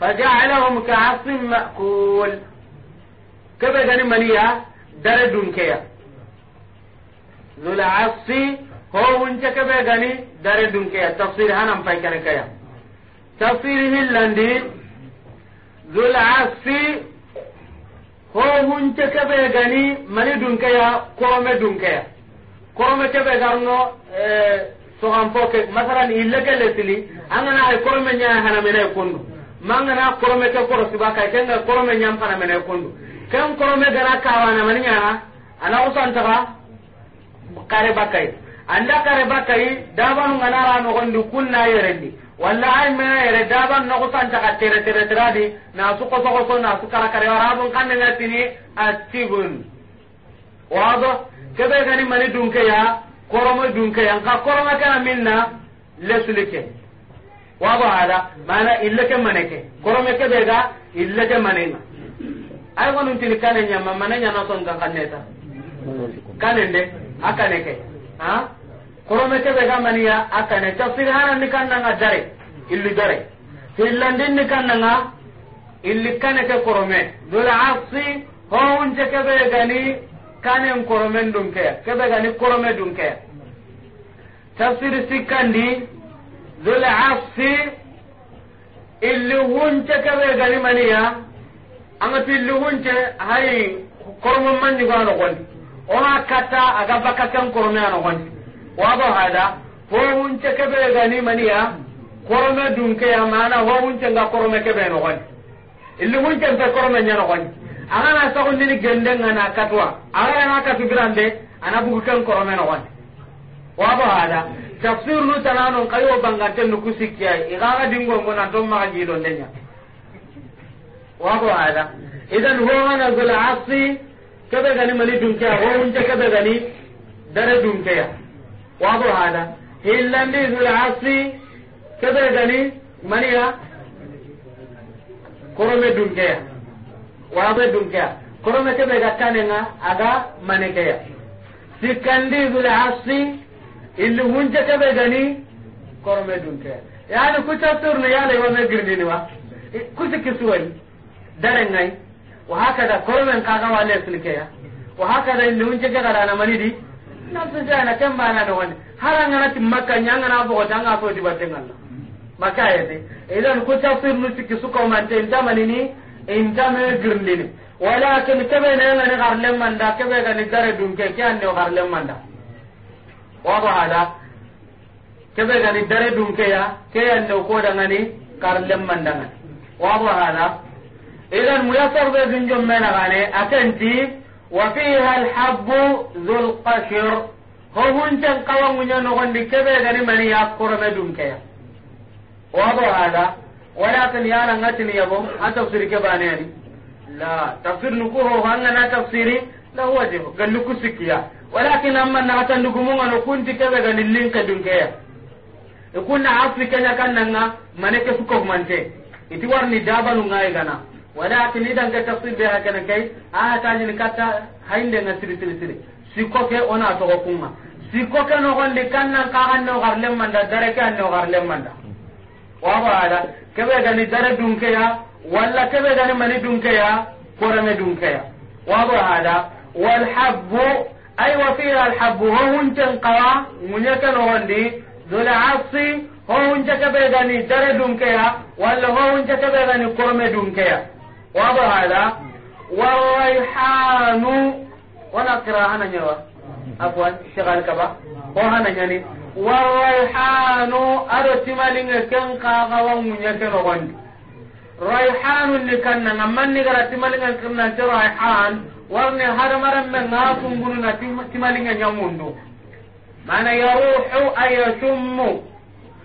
faja'alahum ka'asfin ma'kul ke be gani mani ya dare dunke ya zul asfi ho won je ke gani dare dunke ya tafsir hanan pai kare ke ya tafsir hillandi zul asfi ho hunce kebe gani mani dunkeya korome dunkeya korome kebe garno eh, soganfo ke masalan ille ke lesili angana ay korome nya hanamene kundu mangana korome ke koro sibaka kenga korome nya hanamene kundu ken korome gana wana mani nya ana usantaka kare bakai anda kare bakai dabanu ngana ra no gondu kunna yerendi walla ay mena yere daban no kusan ta ka tere tere tiradi na su koso so ko na su kara kare arabun kan ne tini atibun wado kebe gani mani dunke ya koroma dunke ya nka koroma kana minna lesulike wado hada mana illeke maneke koroma kebe ga illeke manena ay wonun tini kana nya mamana nya na son ga kaneta kanende akaneke ha korome kebe ga maniya akane tafsir hanan ni kannanga dare illi dare hillandin ni kannanga illi kane ke korome dole asi ho unje kebe gani kane korome dun ke kebe gani korome dun ke tafsir sikandi dole asi illi hunce kebe gani maniya anga tilli hunce hay korome manni ga no gondi ona kata aga kan korome ano gondi wado hada hohun ce kebe gani maniya korome dunke ya mana hohun ce nga korome kebe no gani illi mun ce pe korome nya no gani aga na sa ni gende ngana katwa aga na katu grande ana bugu kan korome no gani wado hada tafsir nu tanano kayo bangante nu kusikiya igaga dingo ngona to ma ji don denya wado hada idan hohana zul asri kebe gani mani dunke hohun ce kebe gani dare dunke ya واضح هذا إلا ذو العصر كذا دني منيا كرم دنكيا واضح دنكيا كرم كذا جتانينا أجا منكيا سكندي ذو العصر اللي هنجا كذا دني كرم دنكيا يعني كتبتر نيالي وما قرديني وا كتكسوين درنغي وهكذا كرم كاغا والي سنكيا وهكذا اللي هنجا كذا أنا منيدي nan sun jana kan ba na da wani har an gana tin makka nya ngana bo ta nga so di batten Allah maka ya de idan ku tafsir nu tiki su ko man tin da manini in da me girndini walakin kabe ne ngani garlen manda kabe ga ni dare dun ke kyan ne garlen manda wa ba hada kabe ga ni dare dun ke ya ke ya ne ko da ngani garlen manda ngani wa ba hada idan mu ya sarbe gunjum mena gane akanti وفيها الحب ذو القشر هو هنتن قوانغنيا نغندي كبيغني من يقر مدون كيا واضح هذا ولكن يانا نتني يبو أتفسير كبانياني لا تفسير نكوه هانا تفسيري لا وجه قال لكو سكيا ولكن أما نغتن لكمونا نكونت كبيغني اللينك دون كيا يكون عصر كيا كان نغا منك سكوه منتي iti warni dabanungaigana walakin idan ga tafsir be hakana kai a ta ni kata hainde na siri siri siri siko ke ona to ko kuma siko ke no gonde kanna ka ganno garle manda dare ke anno garle manda wa ba ala kebe ga ni dare dun ke ya walla kebe ga ni mani dun ke ya korame dun ke ya wa ba ala wal habbu ay wa fiha al habbu hun tan qawa munyaka no gonde dole asi ho hunja kebe ga ni dare dun ke ya walla ho hunja kebe ga ni korame dun ke ya wabo hada warayhanu wana kira hana nyawa afwan shagal kaba ko hana nyani warayhanu ado timalinga ken kaga wa munya ken gondi rayhanu ni kanna ngamman ni gara timalinga kanna rayhan warne haramaran men na kumbunu na timalinga nyamundu mana yaruhu ayashummu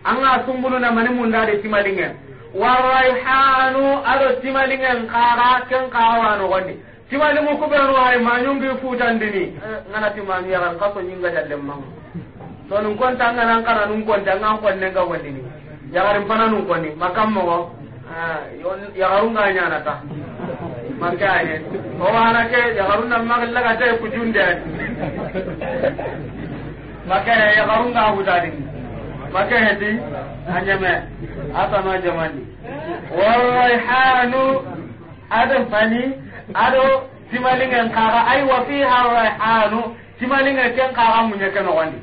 anga sumbunu na mani munda de timalinga warayhanu ado timalingen kara ken kawano gondi timalimu kubenu ay manyungi futandini eh, ngana timangi yaran kaso nyinga dallem mamu to nun konta ngana kana nun konta ngan konne ga wandini yagarin pana nun koni makam mo eh, yagarun ga nyana ta maka ayen o wana ke yagarun nan magalla ga tay ku junde asama jamandi warrayhanu ado fani ado timalingen kaga ay wa fiha rayhanu timalingen ken kaga munye ken wandi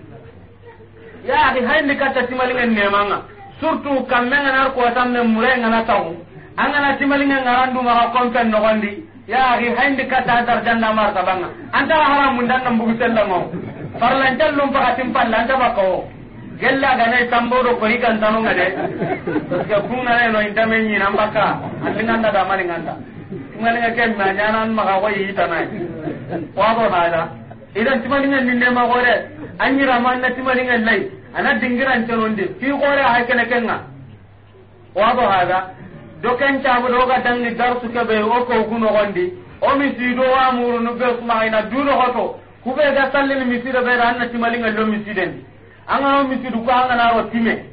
ya akhi hayndi katta timalingen nemanga surtout kammenga nar ko tamne murenga na tawu angana timalingen ngarandu maga kompen no wandi ya akhi hayndi katta dar janna marta banga anta haram mundan nambugu sellamo farlan jallum pakatim palla anta bakawo gella gane tambo do ko hikan tanu ngade ke kunna ne no intame ni nan baka alingan da mani nganta ngale ke ken ma nyanan ma ko yi tanai wa do na da idan timani ngan ninne ma gore anyi raman na timani ngan lai ana dingiran tanondi ki gore ha kene kenga wa do hada do ken ta bu do ga dangi darsu ke be o ko kuno gondi o mi si do wa muru no be kuma ina duno hoto ku be ga sallini misira be ran na timani ngan lo misiden an angana misidu ko an angana ro time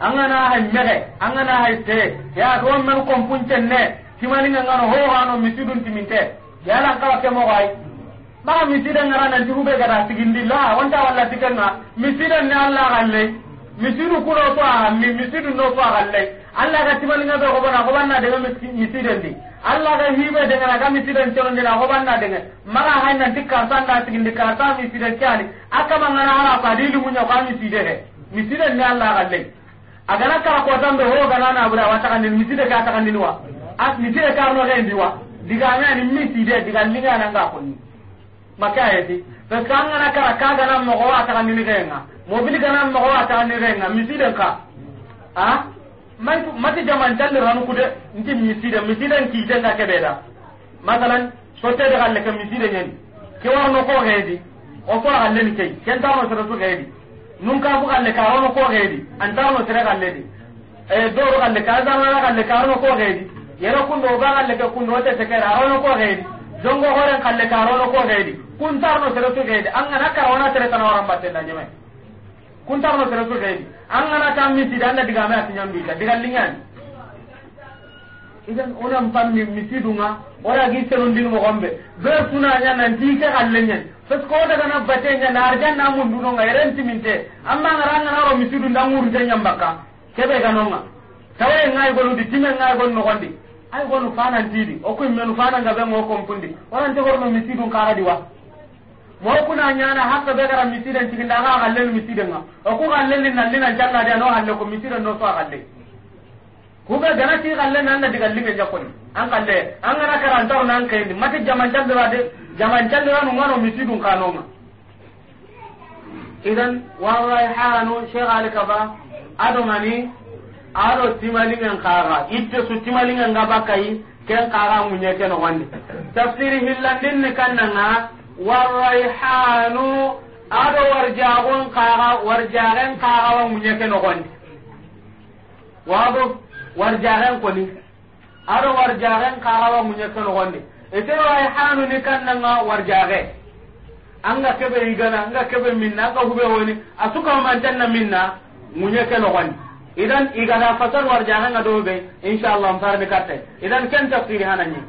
angana hay mege an angana hay te ya ko men kompuncen ne timaninga ngano hoxano misidun timinte yala kawa ke moxoay maxa misida ngara nanti xuɓe gata sigindi la wonta walla tikenga misida ne allah xan ley misidu kuno to a mi misidu no fo axan ley allah ga timaninga ɓe xoɓona xoɓanna dega misidendi allah ga hibe de ngana ga misiden coron dina ho banna de maga hay nan dikka sanda sigin dikka sa misiden kyali aka ma ngana ara pa dilu munya ka miside he misiden ne allah ga le agana ka ko tambe ho ga nana bura wata kan miside ka ta kan wa as miside ka no ga ndiwa diga na ni miside diga linga na ga ko ni maka ayati to kangana kara ka ga nan mo ko wata kan ni ga nga mobili ga nan mo ko wata kan ni ga nga miside ka ah mati jamantalli ranukude nti miside miside nkiitenga keɓeeda masalan da xalle ke miside ñeni ke warno ko xeedi o ken xalleni key kentarno seretu xeedi nun kafu xalle ka rono ko xeedi antarno sere xalledi dooru xalle ka zarnana xalle ka rono ko xeedi yero kundo oga xalle ke kundo ote sekere a rono ko xeedi jongo xoren xalle ka rono ko xeedi kuntarno seretu xeedi an ngana karawona seretana warambattenna ñeme kuntarno seresu xeedi an gana ta misi da digame a siñambita digalliñani idan onan pammi misidunga oragi serondin mogonɓe be sunaña ke xalleñen parce que o dagana bateña na arjanna mundunonga yerentiminté amma ngara nganaro misidu nda nguruteña keɓe ganonga tawaye ngayi gonundi time ngayi gon nogondi ay gonu fanantiidi o kuimmenu fanangaɓe compundi onante gorno misidun karadi mo kuna nyana hakka be gara misiden cikin da ga galle misiden nga o ku galle ni nan na jalla da no halle ko misiden no so galle ku be gana ti galle nan da digalle me jakon an galle an gana karanta nan kai ni mati jaman jalla de jaman jalla no ngano misidun kano ma idan wa raihanu shegal kaba ado mani aro timalingen kaga itte su timalingen ga bakai ken kaga munye ken wandi tafsiri hillandin ne kannanga warrayhanu ado warjagon kaga warjagen kaga wa munyeke warjagen koni ado warjagen kaga wa munyeke nogondi ni warjage anga kebe igana anga kebe minna anga hube woni asuka minna munyeke idan fasar warjagen inshallah idan hanani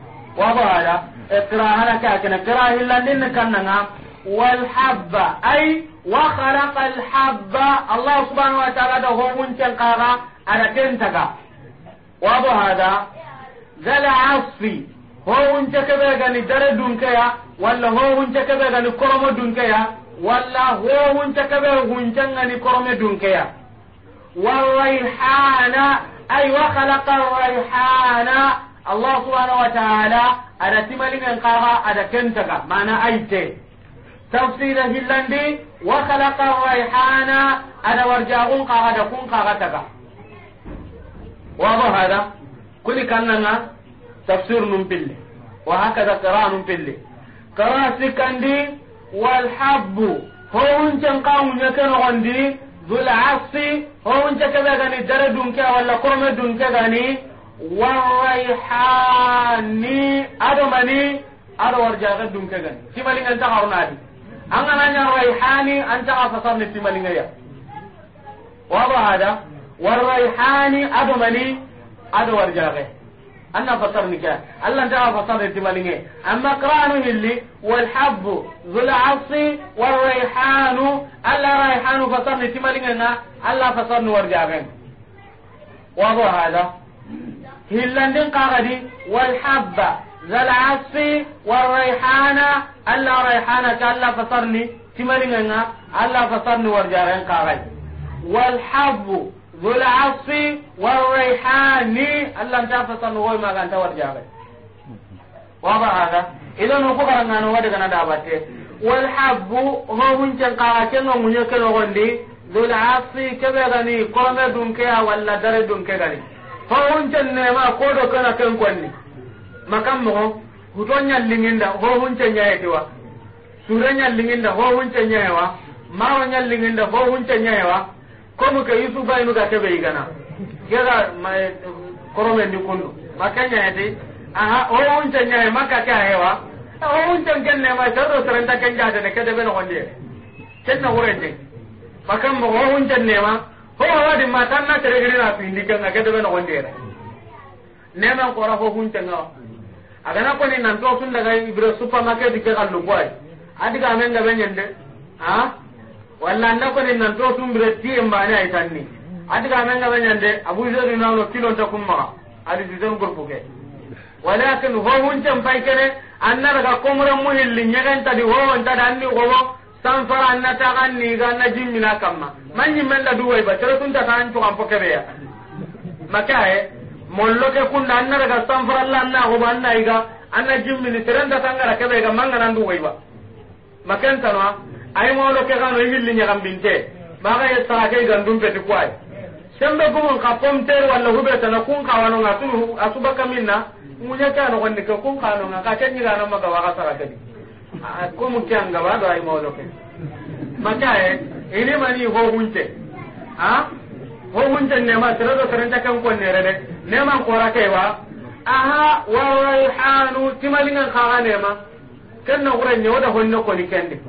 قراءة كأكنا قراءة لندن كننا والحبة أي وخلق الحبة الله سبحانه وتعالى ده هو منتن قارا على كنتك وابو هذا ذا العصف هو انت كبيغاني در دونكيا ولا هو انت كبيغاني كرم دونكيا ولا هو انت كبيغاني كرم دونكيا والريحانة أي وخلق الريحانة الله سبحانه وتعالى ada timalingan kaga ada kentaga mana aite tafsira hillandi wa khalaqa rayhana ada warjagun kaga da kun kaga taga wa ba hada kuli kannanga tafsir num pille wa hakada qira'a num pille qira'a sikandi wal habbu ho uncan kawun yakano gondi dhul asfi ho unca kebe gani dare dunke wala korme dunke gani والريحاني أدمني أدو ورجع غدوم كذا تمالين أنت عارنا دي أنا نانيا الريحاني أنت عارفصار نتمالين يا وابا هذا والريحاني أدمني أدو ورجع أنا فصار نكيا ألا أنت عارفصار نتمالين يا أما قرانه اللي والحب ذو العصي والريحان ألا ريحان فصار نتمالين يا الله فصار نورجع غن وابا هذا hillandin kagadi walhabba zalasi warraihana alla raihana ta alla fasarni timaringanga alla fasarni habbu kagadi walhabbu zalasi warraihani alla ta fasarni goy maganta warjaren waba hada idan ko karangano wada kana dabate walhabbu ho huncen kaga kenga munye kelo gondi zalasi kebe gani kome dunke walla dare dunke gani ho ne nema ko do kana ken konni makam mo huton nyallinginda ho hunchen nyaetiwa sure nyallinginda ho hunchen nyaewa mawa nyallinginda ho hunchen nyaewa komu ke yusu bayinu ga kebe igana gega korome ni kundu makanya ti aha ho hunchen nyae makaka hewa ho hunchen ken nema sero serenta ken jade ne kede be no gonde ken na wurenje makam mo ho ne nema ho awadi ma tan na tere gina fi ndike nga gede no gonde ra ne man ko ra ho hun tanga aga na ko ni nan to sun daga ibro supermarket ke kallu boy adi ga men ga ben yende ha walla na ko ni nan to sun bre ti mba ne ay tanni adi ga men ga ben yende abu zeri na no kilo ta kumma adi zeri gurbu ke walakin ho hun tan pai kene anna daga komra muhilli nyagan tadi ho on tadi anni go tan fara an nata kan ni ga na jimmina kamma man nyimmen da duwai ba tere tun ta kan to kan poke be ya maka he mollo ke kun dan na daga tan fara lan na go ban na iga an na jimmini tere da tan ke be ga man ga nan duwai ba mollo ke kan binte ba ga ya ga kwai sembe ka pom ter walla hube tan kun ka wano ngatu asubaka minna munya ka no kan ni kun ka no ngaka ken ni ga wa ka komu ke an gaba do ay mawdo ke maka e ini mani ho hunte ha ho hunte ne ma tira do karanta kan ko ne rede ne man kora ke wa aha wa rayhanu timalinga khaga ne ma kan na gure ne wada honno ko ni kende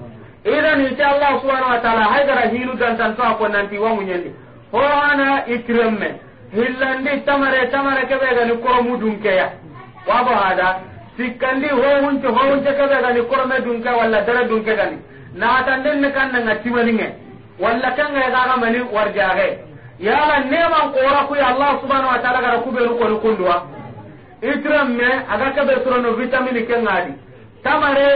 idan insha Allah subhanahu wa ta'ala haydara hinu dan tan to ko nan ti wa munyende ho ana ikramme hillandi tamare tamare ke be ga ni ko mudun ke ya wa ba hada sikkandi hohunce hohunce kebe gani korme dunke walla dere dunke gani naatanden ne kan nanga timaninge walla kengaye kagamani warjaxe yala neman kora kuy allah subhanau wa taala gara kuɓenu koni kunduwa itiran me aga keɓe surono vitamine kengadi tamare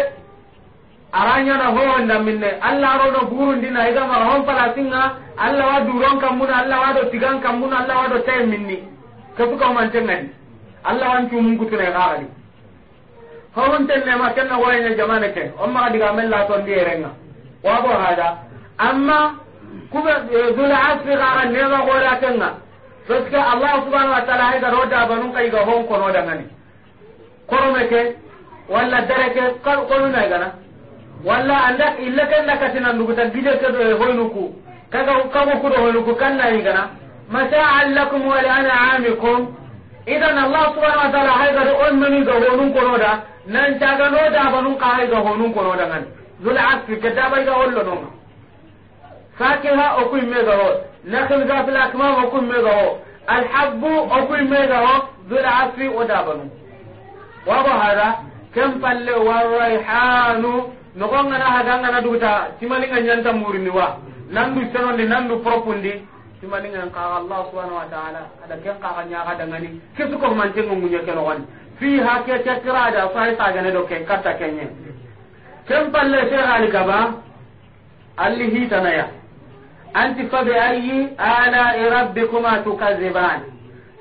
aranyana hohon daminne allah arono burundina igamara hon palasinga allah wa duron kammuna allah wa do tigan kammuna allah wa do tae minni kefu kaumantengadi allah wancumunkutunae kaxadi hawunten nema kenna woyene jamana ke on maxa diga men latondi wa wago hada amma kube eh, dul asri xaxa nema xoora kenga parce que allah subhanau wa taala hay garo dabanun kay ga hon kono dangani korome ke walla dere ke konunay gana walla anda illa kenna katina nduguta gide ke eh, hoynuku kaga kago kudo hoynuku kannayi gana masaan lakum wa li anamikum idan allah subhanau wa taala hay garo on meni ga honun konoda nan caga no dabanun kaxa ga honun kono dangan zul asri ke dabai ga hollo nonga fakiha o kuy me ga ho nakhil ga fil akmam o kuy me ga ho al habbu o kuy me ga ho zul asri o dabanun wa ba hada kam palle war raihanu no gonga na hadanga na duta timalinga nyanta murini wa nan du nandu tanondi nandu propondi timaninga ka Allah subhanahu wa ta'ala ada ken ka nya ka dangani kesu ko man tengo munya kelo wani fi fiha ke ke kirada sahi sagane do ken katta kenye ken palle sheikh ali gaba alli hitanaya anti be ayi ala rabbikuma tukaziban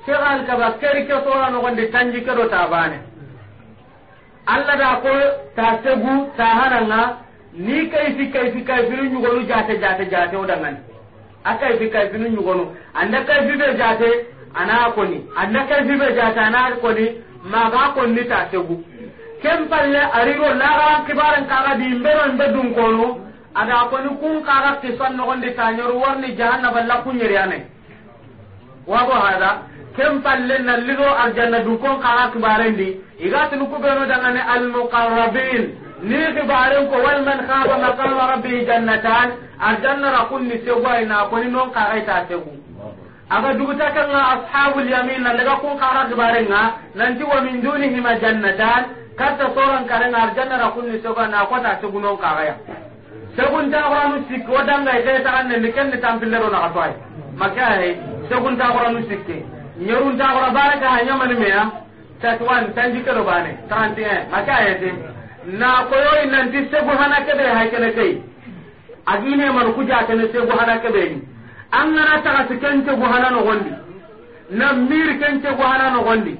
sheikh ali gaba keri ke sora no gonde tanji ke do tabane alla da ko ta tegu ta hananga ni kai fi kai fi kai fi nyugonu jate jate jate o odangan akai fi kai fi nyugonu anda kai fi be jate ana koni anda kai fi be jate ana koni maga konni ta tegu ken palle ariro lagaran kibaren kaga dimbeno mbe dun kono aga koni kun kaga kisan nogondi tañoru warni jahannaba lakkuñeriane wago hada ken palle nalliro arjanna dun kon kaga kibarendi igatinu kubeno dangane almuqarrabin ni kibaren ko walman khaba maqama rabbihi jannatan arjanna rakunni ina koni non kaga ita tegu aga duguta nga ashabul yamin nan daga kun kara gibarenga nanti wa min dunihima jannatan katta soran karenga arjanna ra kunni soga na kota segunon ya segun ta qur'anu sik wadanga ite ta kanne niken ni tampillero na katwai maka he segun ta qur'anu sikke nyerun ta qur'an baraka hanya mani meya tatwan tanjikero bane tanti he maka he te na koyo nanti segu hana kebe haykele kai agine mar kuja kene segu hana kebe ni an gana tagasi kence guhala nogondi na miri kence guhala nogondi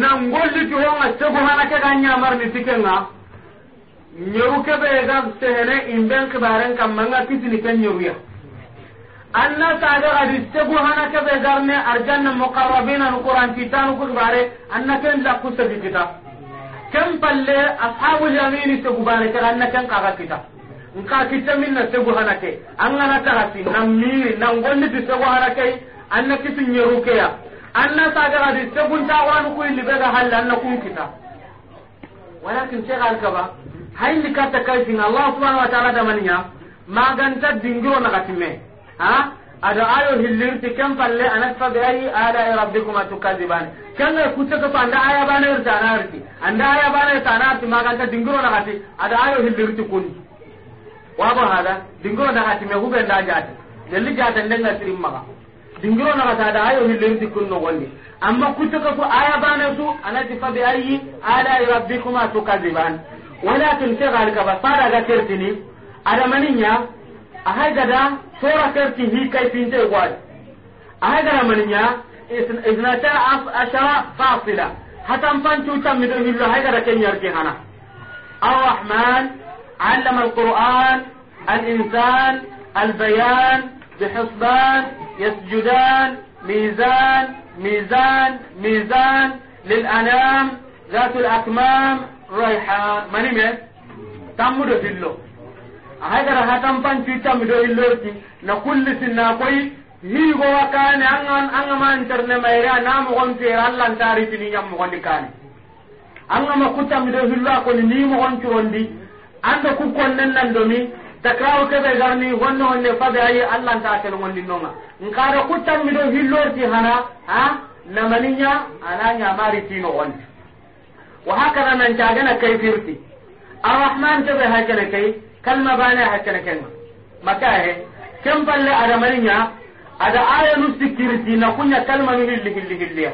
na ngolliti honga seguhana ke ga ñamarni tikenga ñeru keɓe ga sehene imben kibaren kamma nga kitini ken ñeruya anna saga gadi seguhana keɓe garne arjanna muqarrabina nu qurantitanu ku kibare anna ken lakku segi kita ken palle ashabul yamini segubane kega anna ken kaga kita nka kitta minna segu hanake angana tagasi nan miri nan gonditi segu hanake anna kiti nyerukeya anna sagaradi seguntaxoanu kuy libega halle anna kun kita walakin segal kaba hayndi katta kaysinga allah subhanau wa taala damaniya maganta dingiro nagatime ha ada ayo hillirti ken palle anat fabe ayi ala rabbikuma tukadiban kenga kutte ko anda aya bana irta anarti anda aya bana irta anarti maganta dingiro nagati ada ayo ti kuni wabo hada dingiro da hatime hube da jati jalli jatan den na sirim maga dingiro na kata da ayo hillen tikun no wonni amma kuto ka ko aya bana su anati fa bi ayi ala rabbikuma tukaziban walakin tagal ka ba fara ga kertini adamaninya aha gada sora kerti hi kai pinte gwad aha gada maninya isnata ashara fasila hatan pancu tammido hillo aha gada kenyar ki hana ar-rahman علم القرآن الإنسان البيان بحسبان يسجدان ميزان ميزان ميزان للأنام ذات الأكمام ريحان من من تمر في اللو هذا رها تنفن في تمر اللوتي نقول لسنا قوي higo wakane angan angama interne mayra na mo gon te Allah tari tini nyam mo gon dikani angama kutam do hillo ko ni mo gon tuondi anda ku konnen nan domi takrawo kebe garni honno honne fabe ayi allah ta ken wonni nonga nkara ku tammi do hillorti hana ha namaninya ananya mari tino wonni wa haka da nan tagana kai firti arrahman haka na kai kalma bana hakana kenga maka he kem palle maninya ada aya nu sikirti na kunya kalma nu hilli hilli hilli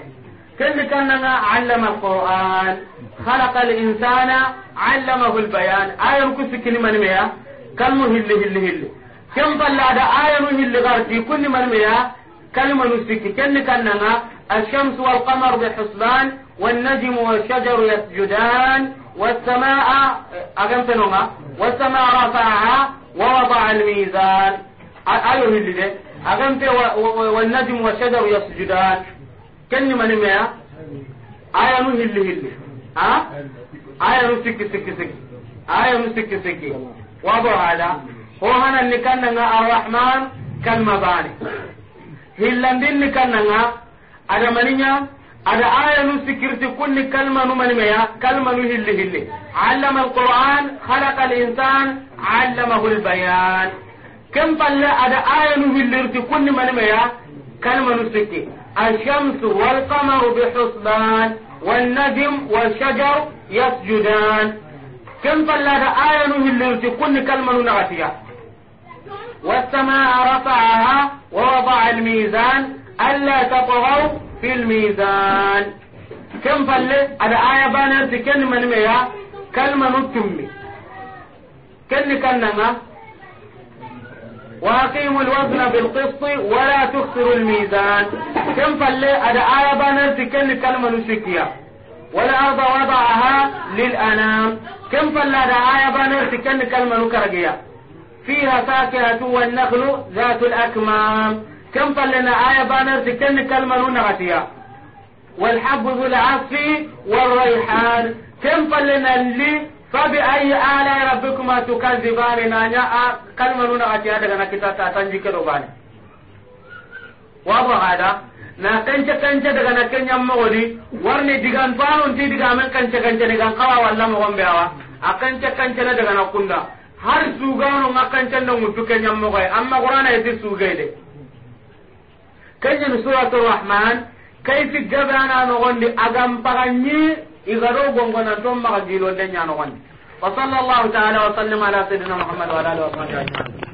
kendi kannanga allama alquran khalaqa alinsana allamahu albayan ayam ku sikkini manimeya kalmu hilli hilli hilli kem pallada ayanu hilli garti kunni manimeya kalmanu sikki kendi kannanga الشمس والقمر بحسبان والنجم والشجر يسجدان والسماء أجمتنهما والسماء رفعها ووضع الميزان أيه اللي ده أجمت والنجم والشجر يسجدان kenni mani meya ah, aayanu hilli hilli a ah, aayanu sikki sikki sikki ayanu sikki sikki wado hada ho hananni kannanga arrahman kalmabani hillandinni kannanga ada maninya ada ayanu sikirti kunni kalmanu mani ah, kalmanu hilli hilli allama kunni kalmanu sikki الشمس والقمر بحسبان والنجم والشجر يسجدان كم هذا آية اللي تكون كلمة نغتية والسماء رفعها ووضع الميزان ألا تطغوا في الميزان كم فلا هذا آية بانا كلمة من ميا كلمة نتمي كن كنما واقيموا الوزن بالقسط ولا تخسروا الميزان كم فلي هذا آية بانر تكن كلمة نسكية والأرض وضعها للأنام كم فلا هذا آية بانر تكن كلمة نكرقية فيها فاكهة والنخل ذات الأكمام كم فلنا آية بانر تكن كلمة نغتية والحب ذو العف والريحان كم فلنا اللي fabi ayi ala rabbikuma tukazibani nanya a kalmanu nuna ati hada gana kita ta tanji kedo bani wabo hada na kanche kanche daga na kenya war warni digan fanon ti diga men kanche kanche digan kawa walla mo gombe awa a kanche kanche na daga na kunda har sugano ma kanche na mutu kenya mawai amma qur'ana yati de. kenya suratul rahman kayfi gabana no gondi agam paganyi igaro gongona to maga gilo de nyano wani wa sallallahu ta'ala wa sallama ala sayyidina muhammad wa ala alihi wa sahbihi